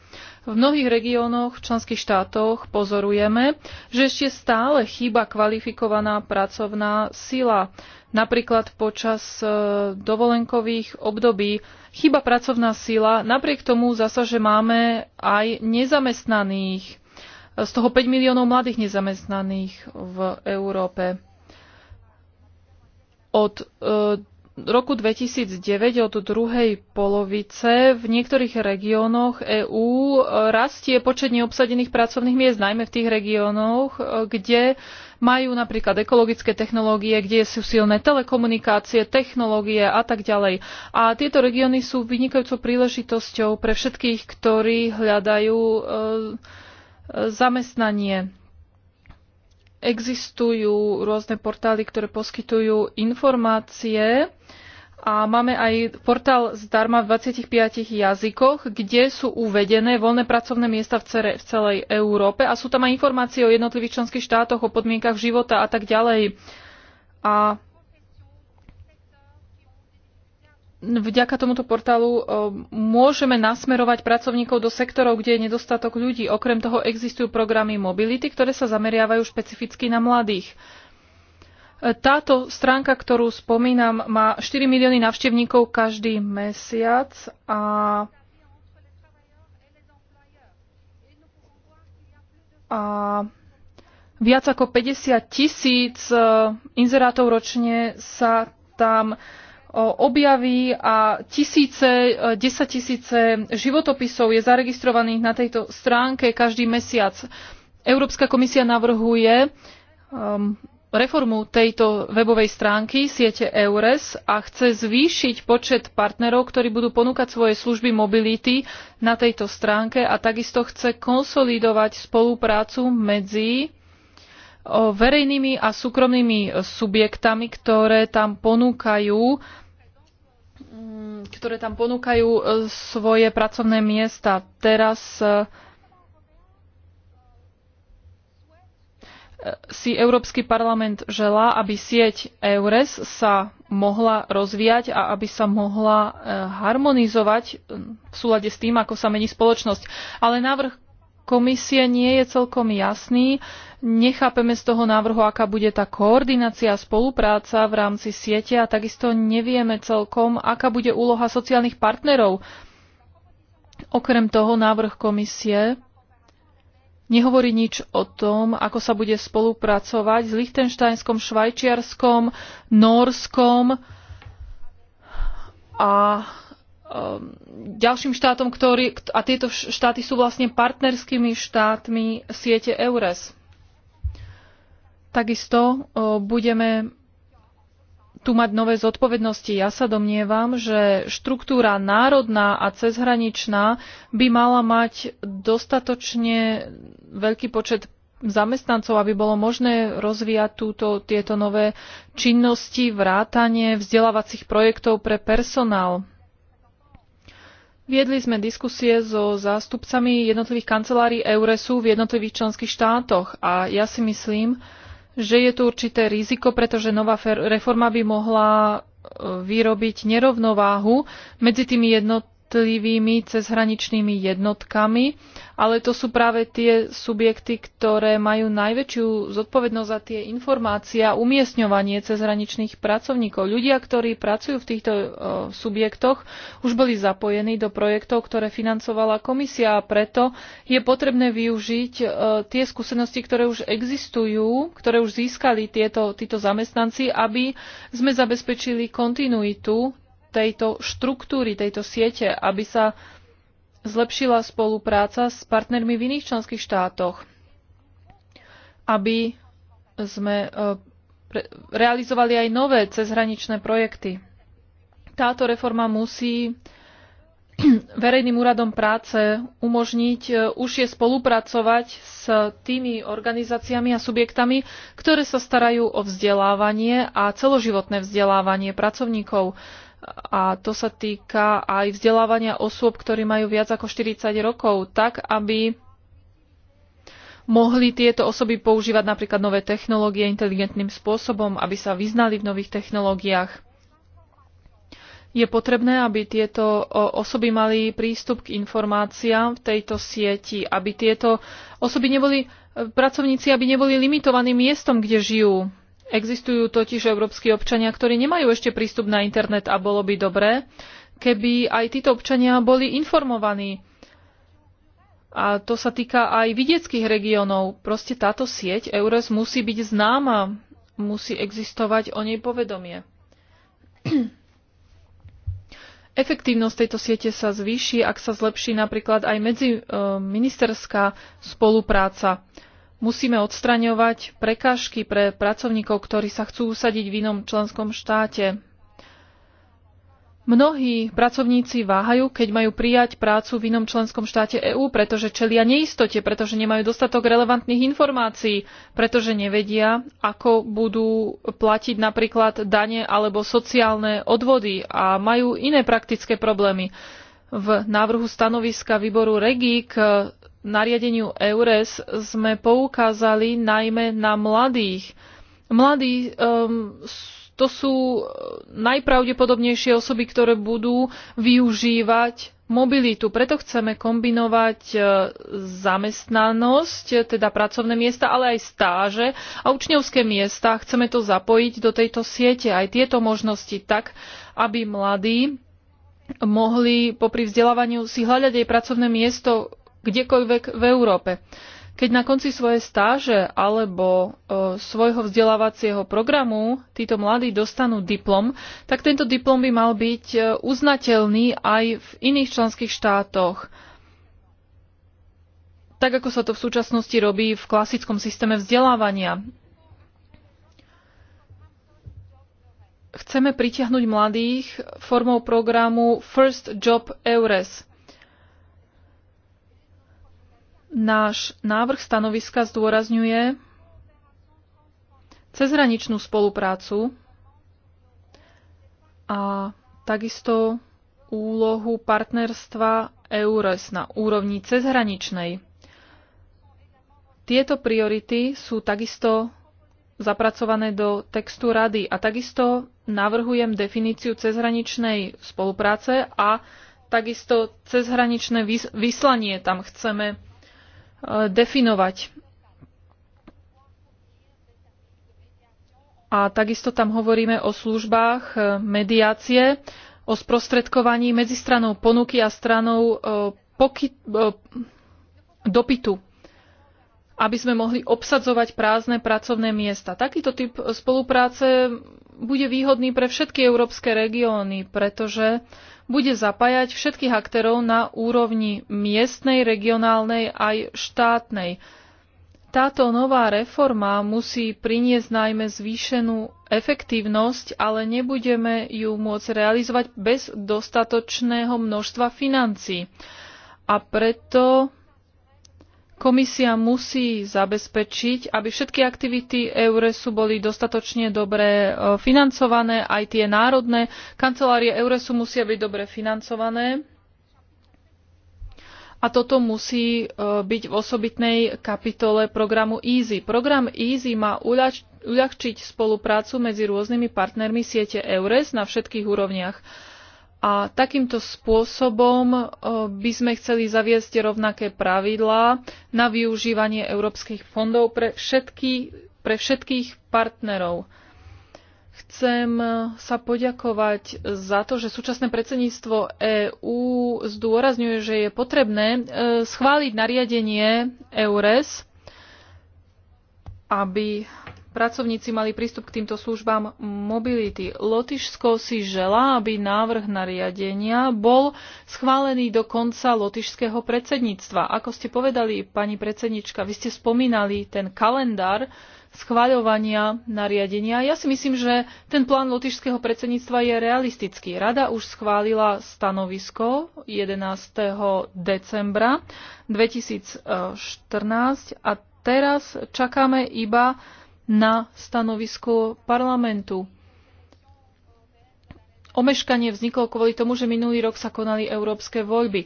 V mnohých regiónoch v členských štátoch pozorujeme, že ešte stále chýba kvalifikovaná pracovná sila. Napríklad počas e, dovolenkových období chýba pracovná sila, napriek tomu zasa, že máme aj nezamestnaných z toho 5 miliónov mladých nezamestnaných v Európe. Od e, roku 2009, od druhej polovice, v niektorých regiónoch EÚ e, rastie počet neobsadených pracovných miest, najmä v tých regiónoch, e, kde majú napríklad ekologické technológie, kde sú silné telekomunikácie, technológie a tak ďalej. A tieto regióny sú vynikajúcou príležitosťou pre všetkých, ktorí hľadajú e, zamestnanie. Existujú rôzne portály, ktoré poskytujú informácie a máme aj portál zdarma v 25 jazykoch, kde sú uvedené voľné pracovné miesta v, cere, v celej Európe a sú tam aj informácie o jednotlivých členských štátoch, o podmienkach života a tak ďalej. A vďaka tomuto portálu e, môžeme nasmerovať pracovníkov do sektorov, kde je nedostatok ľudí. Okrem toho existujú programy mobility, ktoré sa zameriavajú špecificky na mladých. E, táto stránka, ktorú spomínam, má 4 milióny navštevníkov každý mesiac a a viac ako 50 tisíc e, inzerátov ročne sa tam uh, objaví a tisíce, e, desať tisíce životopisov je zaregistrovaných na tejto stránke každý mesiac. Európska komisia navrhuje um, reformu tejto webovej stránky siete EURES a chce zvýšiť počet partnerov, ktorí budú ponúkať svoje služby mobility na tejto stránke a takisto chce konsolidovať spoluprácu medzi verejnými a súkromnými subjektami, ktoré tam ponúkajú mm, ktoré tam ponúkajú e, svoje pracovné miesta. Teraz e, e, si Európsky parlament želá, aby sieť EURES sa mohla rozvíjať a aby sa mohla harmonizovať v súlade s tým, ako sa mení spoločnosť. Ale návrh komisie nie je celkom jasný. Nechápeme z toho návrhu, aká bude tá koordinácia a spolupráca v rámci siete a takisto nevieme celkom, aká bude úloha sociálnych partnerov. Okrem toho návrh komisie nehovorí nič o tom, ako sa bude spolupracovať s Lichtensteinskom, Švajčiarskom, Norskom a Ehm, ďalším štátom, ktorý, a tieto štáty sú vlastne partnerskými štátmi siete EURES. Takisto e, budeme tu mať nové zodpovednosti. Ja sa domnievam, že štruktúra národná a cezhraničná by mala mať dostatočne veľký počet zamestnancov, aby bolo možné rozvíjať túto, tieto nové činnosti, vrátanie vzdelávacích projektov pre personál Viedli sme diskusie so zástupcami jednotlivých kancelárií Euresu v jednotlivých členských štátoch a ja si myslím, že je tu určité riziko, pretože nová reforma by mohla e, vyrobiť nerovnováhu medzi tými jednotlivými citlivými cezhraničnými jednotkami, ale to sú práve tie subjekty, ktoré majú najväčšiu zodpovednosť za tie informácie a umiestňovanie cezhraničných pracovníkov. Ľudia, ktorí pracujú v týchto e, subjektoch, už boli zapojení do projektov, ktoré financovala komisia a preto je potrebné využiť e, tie skúsenosti, ktoré už existujú, ktoré už získali tieto, títo zamestnanci, aby sme zabezpečili kontinuitu tejto štruktúry, tejto siete, aby sa zlepšila spolupráca s partnermi v iných členských štátoch, aby sme e, realizovali aj nové cezhraničné projekty. Táto reforma musí verejným úradom práce umožniť e, už je spolupracovať s tými organizáciami a subjektami, ktoré sa starajú o vzdelávanie a celoživotné vzdelávanie pracovníkov a to sa týka aj vzdelávania osôb, ktorí majú viac ako 40 rokov, tak aby mohli tieto osoby používať napríklad nové technológie inteligentným spôsobom, aby sa vyznali v nových technológiách. Je potrebné, aby tieto osoby mali prístup k informáciám v tejto sieti, aby tieto osoby neboli, e, pracovníci, aby neboli limitovaní miestom, kde žijú. Existujú totiž európsky občania, ktorí nemajú ešte prístup na internet a bolo by dobré, keby aj títo občania boli informovaní. A to sa týka aj vidieckých regiónov. Proste táto sieť EURES musí byť známa, musí existovať o nej povedomie. Efektívnosť tejto siete sa zvýši, ak sa zlepší napríklad aj medziministerská eh, spolupráca. Musíme odstraňovať prekážky pre pracovníkov, ktorí sa chcú usadiť v inom členskom štáte. Mnohí pracovníci váhajú, keď majú prijať prácu v inom členskom štáte EÚ, pretože čelia neistote, pretože nemajú dostatok relevantných informácií, pretože nevedia, ako budú platiť napríklad dane alebo sociálne odvody a majú iné praktické problémy. V návrhu stanoviska výboru REGI k nariadeniu EURES sme poukázali najmä na mladých. Mladí um, to sú najpravdepodobnejšie osoby, ktoré budú využívať mobilitu. Preto chceme kombinovať e, zamestnanosť, teda pracovné miesta, ale aj stáže a učňovské miesta. Chceme to zapojiť do tejto siete, aj tieto možnosti, tak aby mladí mohli popri vzdelávaniu si hľadať aj pracovné miesto, kdekoľvek v Európe. Keď na konci svojej stáže alebo e, svojho vzdelávacieho programu títo mladí dostanú diplom, tak tento diplom by mal byť e, uznateľný aj v iných členských štátoch. Tak ako sa to v súčasnosti robí v klasickom systéme vzdelávania. Chceme pritiahnuť mladých formou programu First Job Eures – Náš návrh stanoviska zdôrazňuje cezhraničnú spoluprácu a takisto úlohu partnerstva EURES na úrovni cezhraničnej. Tieto priority sú takisto zapracované do textu rady a takisto navrhujem definíciu cezhraničnej spolupráce a takisto cezhraničné vyslanie tam chceme Eh, definovať. A takisto tam hovoríme o službách eh, mediácie, o sprostredkovaní medzi stranou ponuky a stranou eh, poky- dopytu, aby sme mohli obsadzovať prázdne pracovné miesta. Takýto typ spolupráce bude výhodný pre všetky európske regióny, pretože bude zapájať všetkých aktérov na úrovni miestnej, regionálnej aj štátnej. Táto nová reforma musí priniesť najmä zvýšenú efektívnosť, ale nebudeme ju môcť realizovať bez dostatočného množstva financí. A preto Komisia musí zabezpečiť, aby všetky aktivity Euresu boli dostatočne dobre e, financované, aj tie národné. Kancelárie Euresu musia byť dobre financované. A toto musí e, byť v osobitnej kapitole programu EASY. Program EASY má uľahčiť spoluprácu medzi rôznymi partnermi siete Eures na všetkých úrovniach a takýmto spôsobom e, by sme chceli zaviesť rovnaké pravidlá na využívanie európskych fondov pre, všetky, pre všetkých partnerov. Chcem sa poďakovať za to, že súčasné predsedníctvo EÚ zdôrazňuje, že je potrebné e, schváliť nariadenie EURES, aby pracovníci mali prístup k týmto službám mobility. Lotyšsko si želá, aby návrh nariadenia bol schválený do konca lotyšského predsedníctva. Ako ste povedali, pani predsednička, vy ste spomínali ten kalendár schváľovania nariadenia. Ja si myslím, že ten plán lotyšského predsedníctva je realistický. Rada už schválila stanovisko 11. decembra 2014 a teraz čakáme iba na stanovisko parlamentu. Omeškanie vzniklo kvôli tomu, že minulý rok sa konali európske voľby.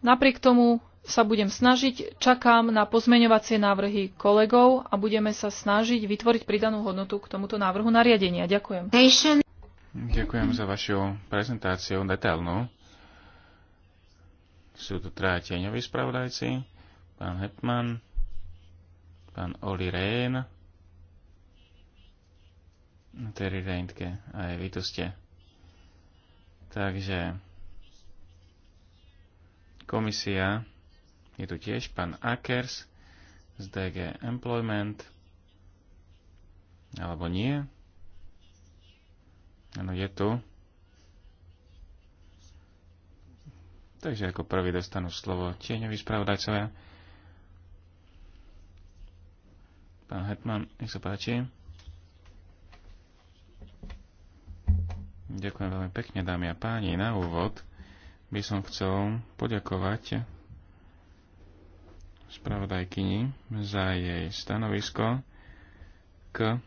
Napriek tomu sa budem snažiť, čakám na pozmeňovacie návrhy kolegov a budeme sa snažiť vytvoriť pridanú hodnotu k tomuto návrhu nariadenia. Ďakujem. Ďakujem za vašu prezentáciu detailnú. Sú tu traja tieňoví spravodajci, pán Hetman, pán Oli Rehn Terry Reintke, aj vy tu ste. Takže komisia, je tu tiež pán Akers z DG Employment, alebo nie. Áno, je tu. Takže ako prvý dostanú slovo tieňoví spravodajcovia. Pán Hetman, nech sa páči. Ďakujem veľmi pekne, dámy a páni. Na úvod by som chcel poďakovať spravodajkyni za jej stanovisko k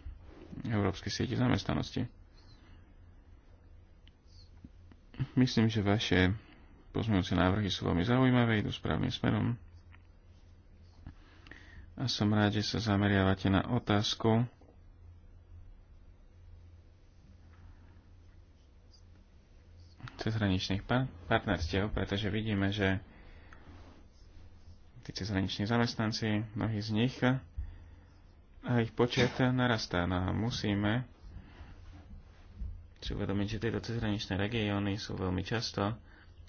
Európskej sieti zamestnanosti. Myslím, že vaše pozmeňujúce návrhy sú veľmi zaujímavé, idú správnym smerom. A som rád, že sa zameriavate na otázku, cezhraničných partnerstiev, pretože vidíme, že tí cezhraniční zamestnanci, mnohí z nich, a ich počet narastá. No a musíme si uvedomiť, že tieto cezhraničné regióny sú veľmi často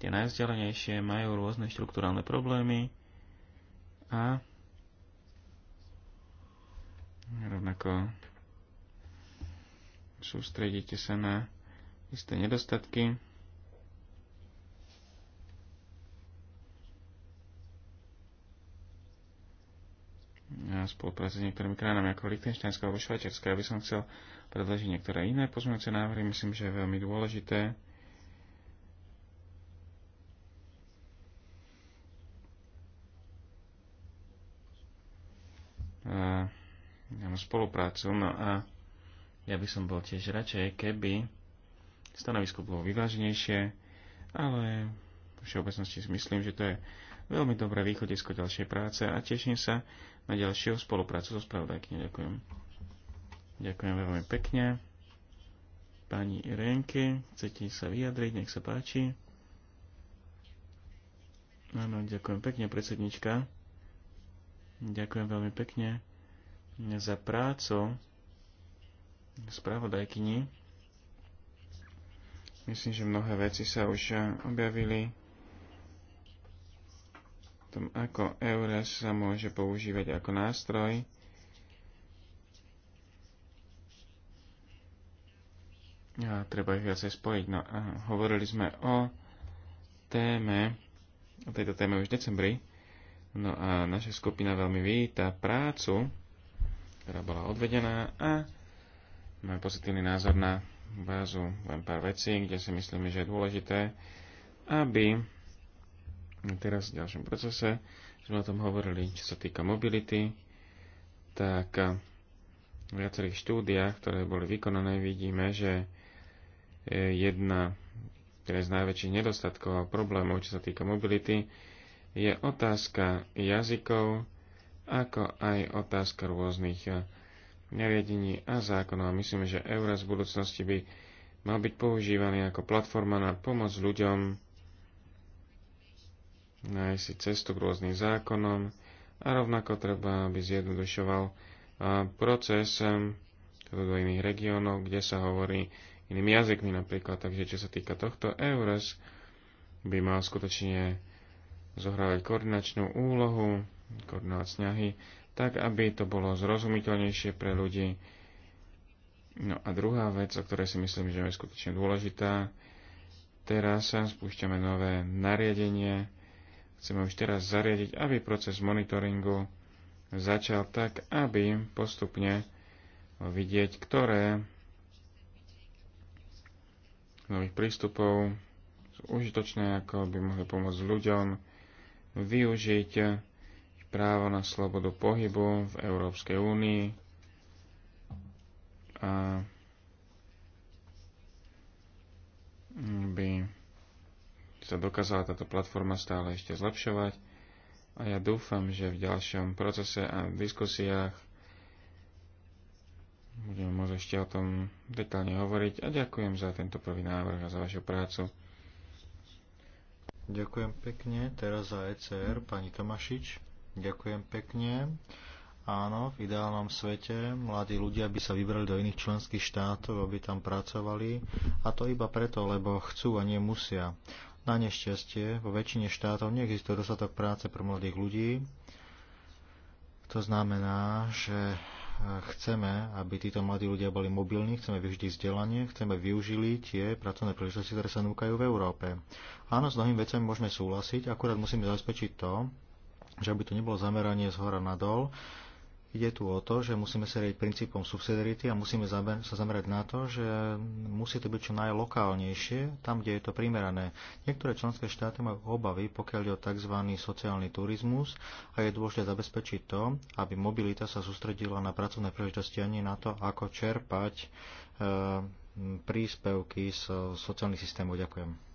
tie najvzdelenejšie, majú rôzne štruktúrálne problémy a rovnako sústredíte sa na isté nedostatky spolupráce s niektorými krajinami ako Liechtensteinsko alebo Švajčiarsko. Ja by som chcel predložiť niektoré iné pozmeňujúce návrhy. Myslím, že je veľmi dôležité. Uh, spoluprácu. No a ja by som bol tiež radšej, keby stanovisko bolo vyváženejšie, ale v všeobecnosti si myslím, že to je veľmi dobré východisko ďalšej práce a teším sa na ďalšiu spoluprácu so spravodajkne. Ďakujem. Ďakujem veľmi pekne. Pani Irenky, chcete sa vyjadriť? Nech sa páči. Áno, ďakujem pekne, predsednička. Ďakujem veľmi pekne za prácu spravodajkyni. Myslím, že mnohé veci sa už objavili tom, ako EURES sa môže používať ako nástroj a treba ich viacej spojiť. No, a hovorili sme o téme, o tejto téme už v decembri. No a naša skupina veľmi víta prácu, ktorá bola odvedená a máme pozitívny názor na bázu len pár vecí, kde si myslíme, že je dôležité, aby teraz v ďalšom procese, sme o tom hovorili, čo sa týka mobility, tak eh, v viacerých štúdiách, ktoré boli vykonané, vidíme, že eh, jedna teda z najväčších nedostatkov a problémov, čo sa týka mobility, je otázka jazykov, ako aj otázka rôznych eh, nariadení a zákonov. A myslím, že Euras v budúcnosti by mal byť používaný ako platforma na pomoc ľuďom, nájsť si cestu k rôznym zákonom a rovnako treba, aby zjednodušoval proces teda do iných regiónov, kde sa hovorí inými jazykmi napríklad. Takže čo sa týka tohto, EURES by mal skutočne zohrávať koordinačnú úlohu, koordinovať snahy, tak aby to bolo zrozumiteľnejšie pre ľudí. No a druhá vec, o ktorej si myslím, že je skutočne dôležitá, teraz sa spúšťame nové nariadenie, Chceme už teraz zariadiť, aby proces monitoringu začal tak, aby postupne vidieť, ktoré nových prístupov sú užitočné, ako by mohli pomôcť ľuďom využiť právo na slobodu pohybu v Európskej únii a by sa dokázala táto platforma stále ešte zlepšovať a ja dúfam, že v ďalšom procese a diskusiách budeme môcť ešte o tom detálne hovoriť a ďakujem za tento prvý návrh a za vašu prácu. Ďakujem pekne. Teraz za ECR pani Tomašič. Ďakujem pekne. Áno, v ideálnom svete mladí ľudia by sa vybrali do iných členských štátov, aby tam pracovali a to iba preto, lebo chcú a nemusia. Na nešťastie vo väčšine štátov neexistuje dostatok práce pre mladých ľudí. To znamená, že e, chceme, aby títo mladí ľudia boli mobilní, chceme využiť vzdelanie, chceme využili tie pracovné príležitosti, ktoré sa núkajú v Európe. Áno, s mnohými vecami môžeme súhlasiť, akurát musíme zabezpečiť to, že aby to nebolo zameranie z hora na dol, Ide tu o to, že musíme sa riadiť princípom subsidiarity a musíme sa zamerať na to, že musí to byť čo najlokálnejšie, tam, kde je to primerané. Niektoré členské štáty majú obavy, pokiaľ ide o tzv. sociálny turizmus a je dôležité zabezpečiť to, aby mobilita sa sústredila na pracovné príležitosti a nie na to, ako čerpať e, príspevky z sociálnych systémov. Ďakujem.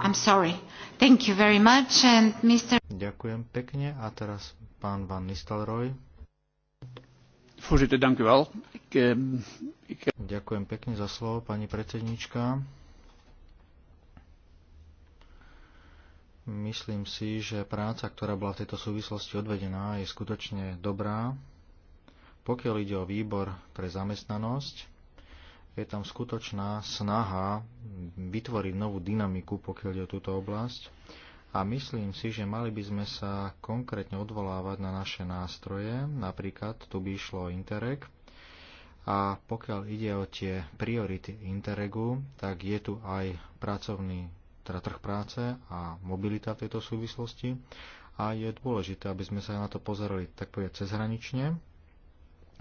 I'm sorry. Thank you very much and Mr. Ďakujem pekne a teraz pán Van Nistelrooy. Voorzitter, dank u wel. Ik, eh, ik... Ďakujem pekne za slovo, pani predsednička. Myslím si, že práca, ktorá bola v tejto súvislosti odvedená, je skutočne dobrá. Pokiaľ ide o výbor pre zamestnanosť, je tam skutočná snaha vytvoriť novú dynamiku, pokiaľ ide o túto oblasť. A myslím si, že mali by sme sa konkrétne odvolávať na naše nástroje, napríklad tu by išlo o Interreg. A pokiaľ ide o tie priority Interregu, tak je tu aj pracovný teda trh práce a mobilita v tejto súvislosti. A je dôležité, aby sme sa na to pozerali tak povedať cezhranične,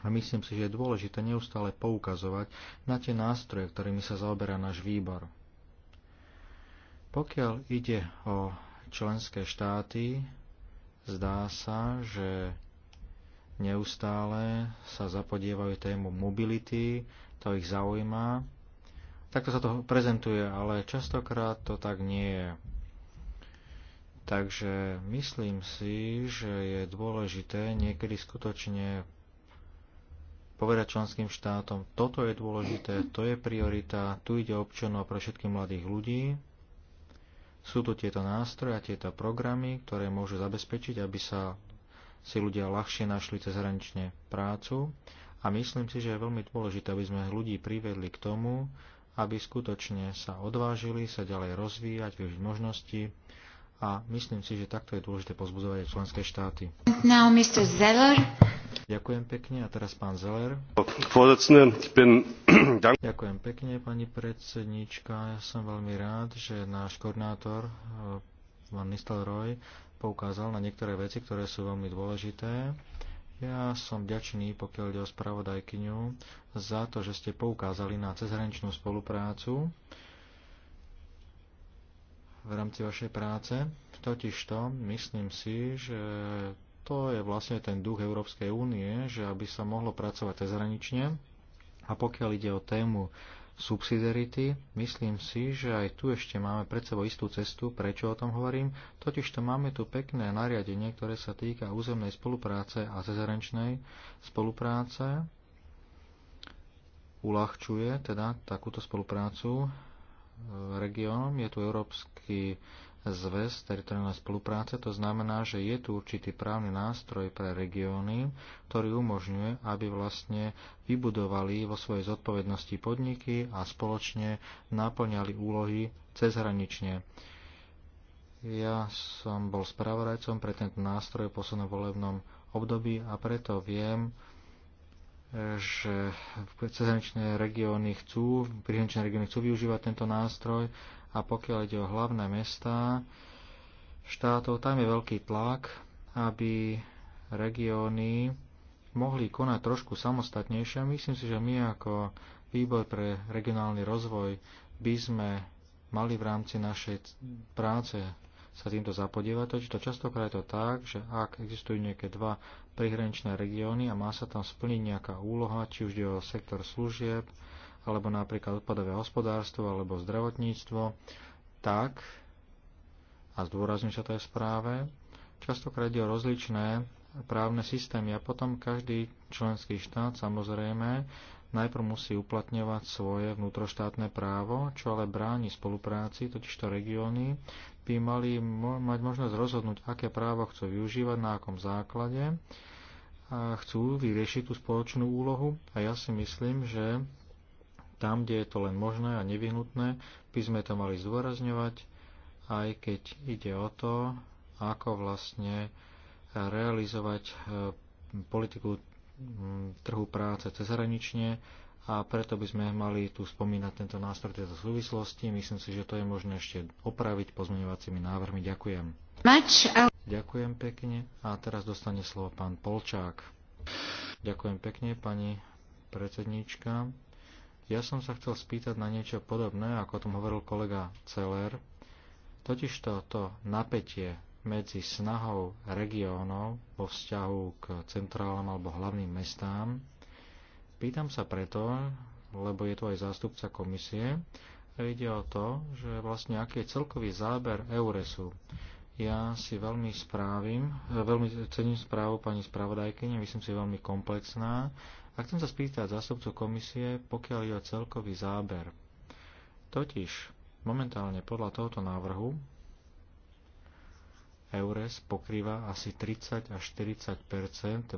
a myslím si, že je dôležité neustále poukazovať na tie nástroje, ktorými sa zaoberá náš výbor. Pokiaľ ide o členské štáty, zdá sa, že neustále sa zapodievajú tému mobility, to ich zaujíma. Takto sa to prezentuje, ale častokrát to tak nie je. Takže myslím si, že je dôležité niekedy skutočne povedať členským štátom, toto je dôležité, to je priorita, tu ide občanov pre všetkých mladých ľudí. Sú tu tieto nástroje a tieto programy, ktoré môžu zabezpečiť, aby sa si ľudia ľahšie našli cezhranične prácu. A myslím si, že je veľmi dôležité, aby sme ľudí privedli k tomu, aby skutočne sa odvážili sa ďalej rozvíjať, využiť možnosti, a myslím si, že takto je dôležité pozbudzovať aj členské štáty. Now, Mr. Zeller. Ďakujem pekne. A teraz pán Zeller. Ďakujem pekne, pani predsednička. Ja som veľmi rád, že náš koordinátor, eh, pán Roy, poukázal na niektoré veci, ktoré sú veľmi dôležité. Ja som ďačný, pokiaľ ide o spravodajkyňu, za to, že ste poukázali na cezhraničnú spoluprácu v rámci vašej práce. Totižto myslím si, že toto je vlastne ten duch Európskej únie, že aby sa mohlo pracovať cezhranične. A pokiaľ ide o tému subsidiarity, myslím si, že aj tu ešte máme pred sebou istú cestu, prečo o tom hovorím, totiž to máme tu pekné nariadenie, ktoré sa týka územnej spolupráce a cezhraničnej spolupráce, uľahčuje teda takúto spoluprácu e, regiónom. Je tu Európsky zväz teritoriálnej spolupráce. To znamená, že je tu určitý právny nástroj pre regióny, ktorý umožňuje, aby vlastne vybudovali vo svojej zodpovednosti podniky a spoločne naplňali úlohy cezhranične. Ja som bol spravodajcom pre tento nástroj v poslednom volebnom období a preto viem, že cezhraničné regióny chcú, prihraničné regióny chcú využívať tento nástroj a pokiaľ ide o hlavné mestá štátov, tam je veľký tlak, aby regióny mohli konať trošku samostatnejšie. Myslím si, že my ako výbor pre regionálny rozvoj by sme mali v rámci našej práce sa týmto zapodievať, totiž to častokrát je to tak, že ak existujú nejaké dva prihraničné regióny a má sa tam splniť nejaká úloha, či už je o sektor služieb, alebo napríklad odpadové hospodárstvo alebo zdravotníctvo, tak, a zdôrazňuje sa to je správe, častokrát ide rozličné právne systémy a potom každý členský štát samozrejme najprv musí uplatňovať svoje vnútroštátne právo, čo ale bráni spolupráci, totižto regióny by mali mať možnosť rozhodnúť, aké právo chcú využívať, na akom základe a chcú vyriešiť tú spoločnú úlohu a ja si myslím, že tam, kde je to len možné a nevyhnutné, by sme to mali zdôrazňovať, aj keď ide o to, ako vlastne realizovať e, politiku trhu práce cezhranične a preto by sme mali tu spomínať tento nástroj tejto súvislosti. Myslím si, že to je možné ešte opraviť pozmeňovacími návrhmi. Ďakujem. Uh, Ďakujem pekne a teraz dostane slovo pán Polčák. Ďakujem pekne, pani predsedníčka. Ja som sa chcel spýtať na niečo podobné, ako o tom hovoril kolega Celer. Totižto to napätie medzi snahou regiónov vo vzťahu k centrálnym alebo hlavným mestám. Pýtam sa preto, lebo je tu aj zástupca komisie, a ide o to, že vlastne aký je celkový záber Euresu. Ja si veľmi správim, veľmi cením správu pani spravodajkyne, myslím si veľmi komplexná, a chcem sa spýtať zástupcu komisie, pokiaľ je o celkový záber. Totiž momentálne podľa tohoto návrhu EURES pokrýva asi 30 až 40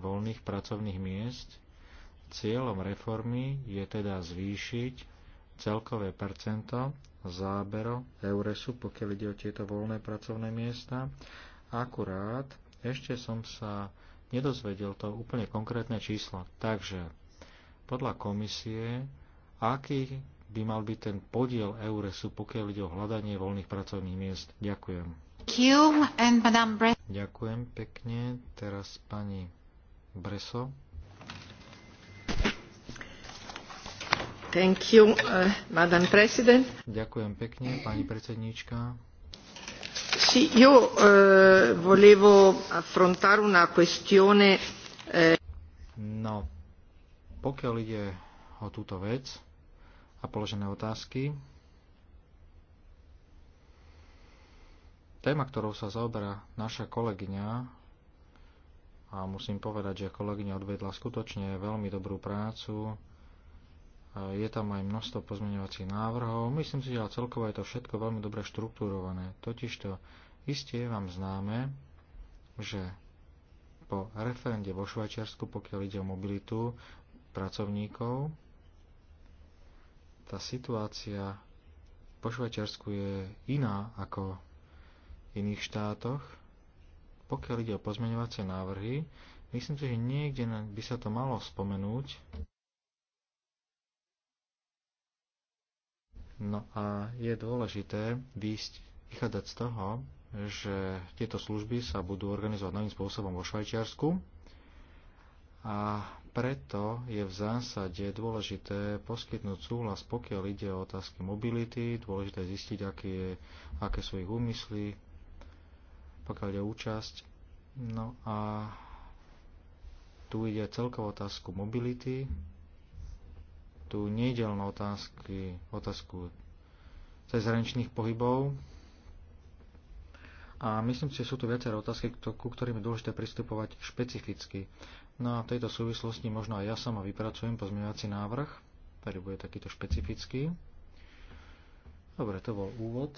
voľných pracovných miest. Cieľom reformy je teda zvýšiť celkové percento zábero EURESu, pokiaľ ide o tieto voľné pracovné miesta. Akurát ešte som sa nedozvedel to úplne konkrétne číslo. Takže podľa komisie, aký by mal byť ten podiel Euresu, pokiaľ ide o hľadanie voľných pracovných miest. Ďakujem. Ďakujem pekne. Teraz pani Breso. Thank you, uh, Madam President. Ďakujem pekne, pani predsedníčka io eh, volevo affrontare una questione. Eh. No, pokiaľ ide o túto vec a položené otázky, téma, ktorou sa zaoberá naša kolegyňa, a musím povedať, že kolegyňa odvedla skutočne veľmi dobrú prácu, je tam aj množstvo pozmeňovacích návrhov. Myslím si, že celkovo je to všetko veľmi dobre štruktúrované. Totižto isté je vám známe, že po referende vo Švajčiarsku, pokiaľ ide o mobilitu pracovníkov, tá situácia po Švajčiarsku je iná ako v iných štátoch. Pokiaľ ide o pozmeňovacie návrhy, myslím si, že niekde by sa to malo spomenúť. No a je dôležité výsť, vychádzať z toho, že tieto služby sa budú organizovať novým spôsobom vo Švajčiarsku a preto je v zásade dôležité poskytnúť súhlas, pokiaľ ide o otázky mobility, dôležité zistiť, aké, je, aké sú ich úmysly, pokiaľ ide o účasť. No a tu ide celková otázku mobility, tu nejde len otázky, otázku cezhraničných pohybov. A myslím si, že sú tu viaceré otázky, ku ktorým je dôležité pristupovať špecificky. Na no tejto súvislosti možno aj ja sama vypracujem pozmeňovací návrh, ktorý bude takýto špecifický. Dobre, to bol úvod.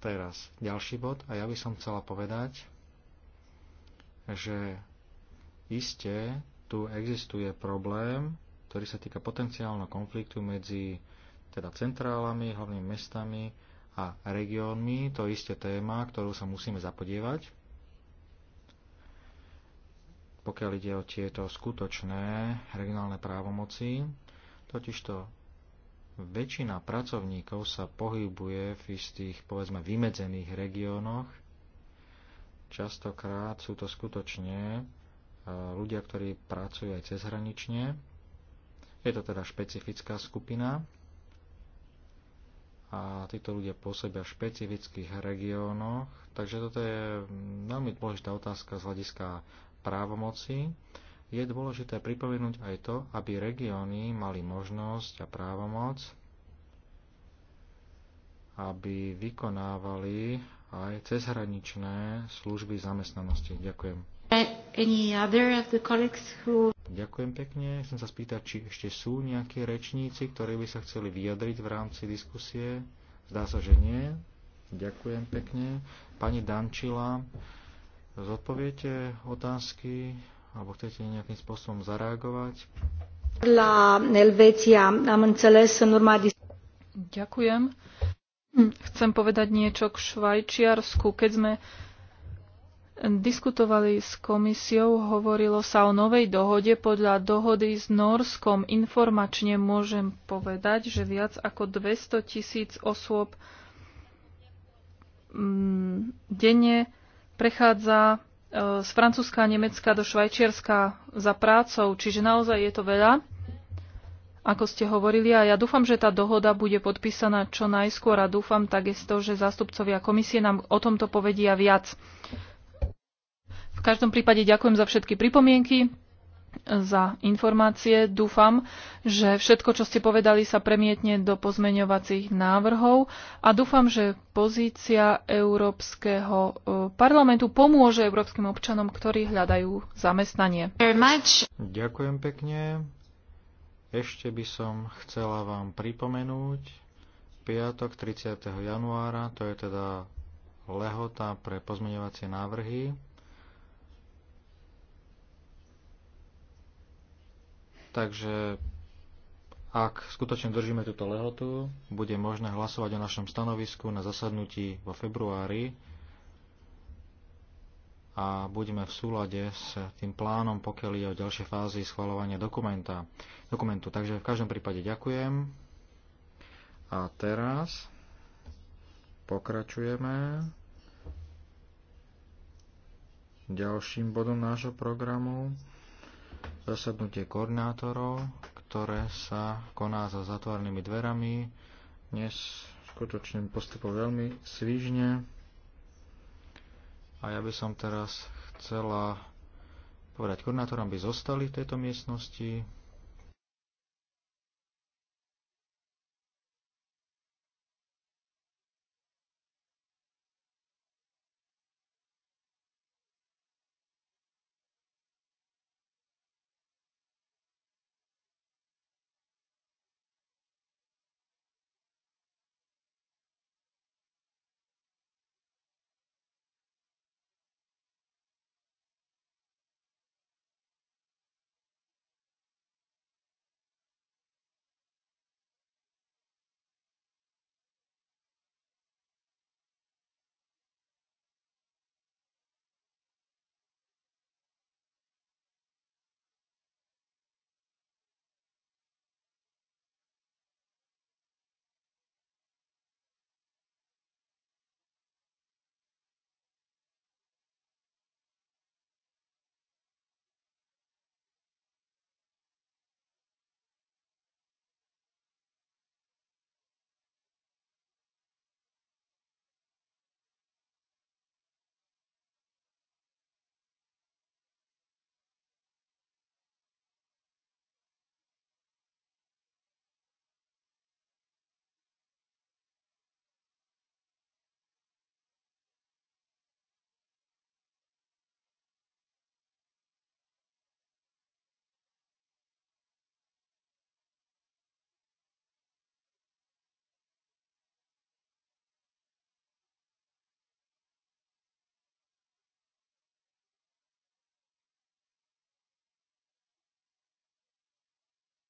Teraz ďalší bod a ja by som chcela povedať, že iste tu existuje problém, ktorý sa týka potenciálneho konfliktu medzi teda centrálami, hlavnými mestami a regiónmi. To je isté téma, ktorú sa musíme zapodievať. Pokiaľ ide o tieto skutočné regionálne právomoci, totižto väčšina pracovníkov sa pohybuje v istých, povedzme, vymedzených regiónoch. Častokrát sú to skutočne eh, ľudia, ktorí pracujú aj cezhranične je to teda špecifická skupina a títo ľudia pôsobia v špecifických regiónoch, takže toto je veľmi dôležitá otázka z hľadiska právomoci. Je dôležité pripomenúť aj to, aby regióny mali možnosť a právomoc, aby vykonávali aj cezhraničné služby zamestnanosti. Ďakujem. Who... Ďakujem pekne. Chcem sa spýtať, či ešte sú nejakí rečníci, ktorí by sa chceli vyjadriť v rámci diskusie. Zdá sa, že nie. Ďakujem pekne. Pani Dančila, zodpoviete otázky alebo chcete nejakým spôsobom zareagovať? La am înțeles Ďakujem. Chcem povedať niečo k Švajčiarsku. Keď sme diskutovali s komisiou, hovorilo sa o novej dohode. Podľa dohody s Norskom informačne môžem povedať, že viac ako 200 tisíc osôb mm, denne prechádza e, z Francúzska a Nemecka do Švajčiarska za prácou, čiže naozaj je to veľa, ako ste hovorili, a ja dúfam, že tá dohoda bude podpísaná čo najskôr a dúfam takisto, že zástupcovia komisie nám o tomto povedia viac. V každom prípade ďakujem za všetky pripomienky, za informácie. Dúfam, že všetko, čo ste povedali, sa premietne do pozmeňovacích návrhov a dúfam, že pozícia Európskeho e, parlamentu pomôže európskym občanom, ktorí hľadajú zamestnanie. Ďakujem pekne. Ešte by som chcela vám pripomenúť, piatok 30. januára, to je teda lehota pre pozmeňovacie návrhy. Takže ak skutočne držíme túto lehotu, bude možné hlasovať o našom stanovisku na zasadnutí vo februári a budeme v súlade s tým plánom, pokiaľ je o ďalšej fázi schvalovania dokumenta, dokumentu. Takže v každom prípade ďakujem. A teraz pokračujeme ďalším bodom nášho programu zasadnutie koordinátorov, ktoré sa koná za zatvorenými dverami. Dnes skutočne postupov veľmi svižne. A ja by som teraz chcela povedať koordinátorom, aby zostali v tejto miestnosti,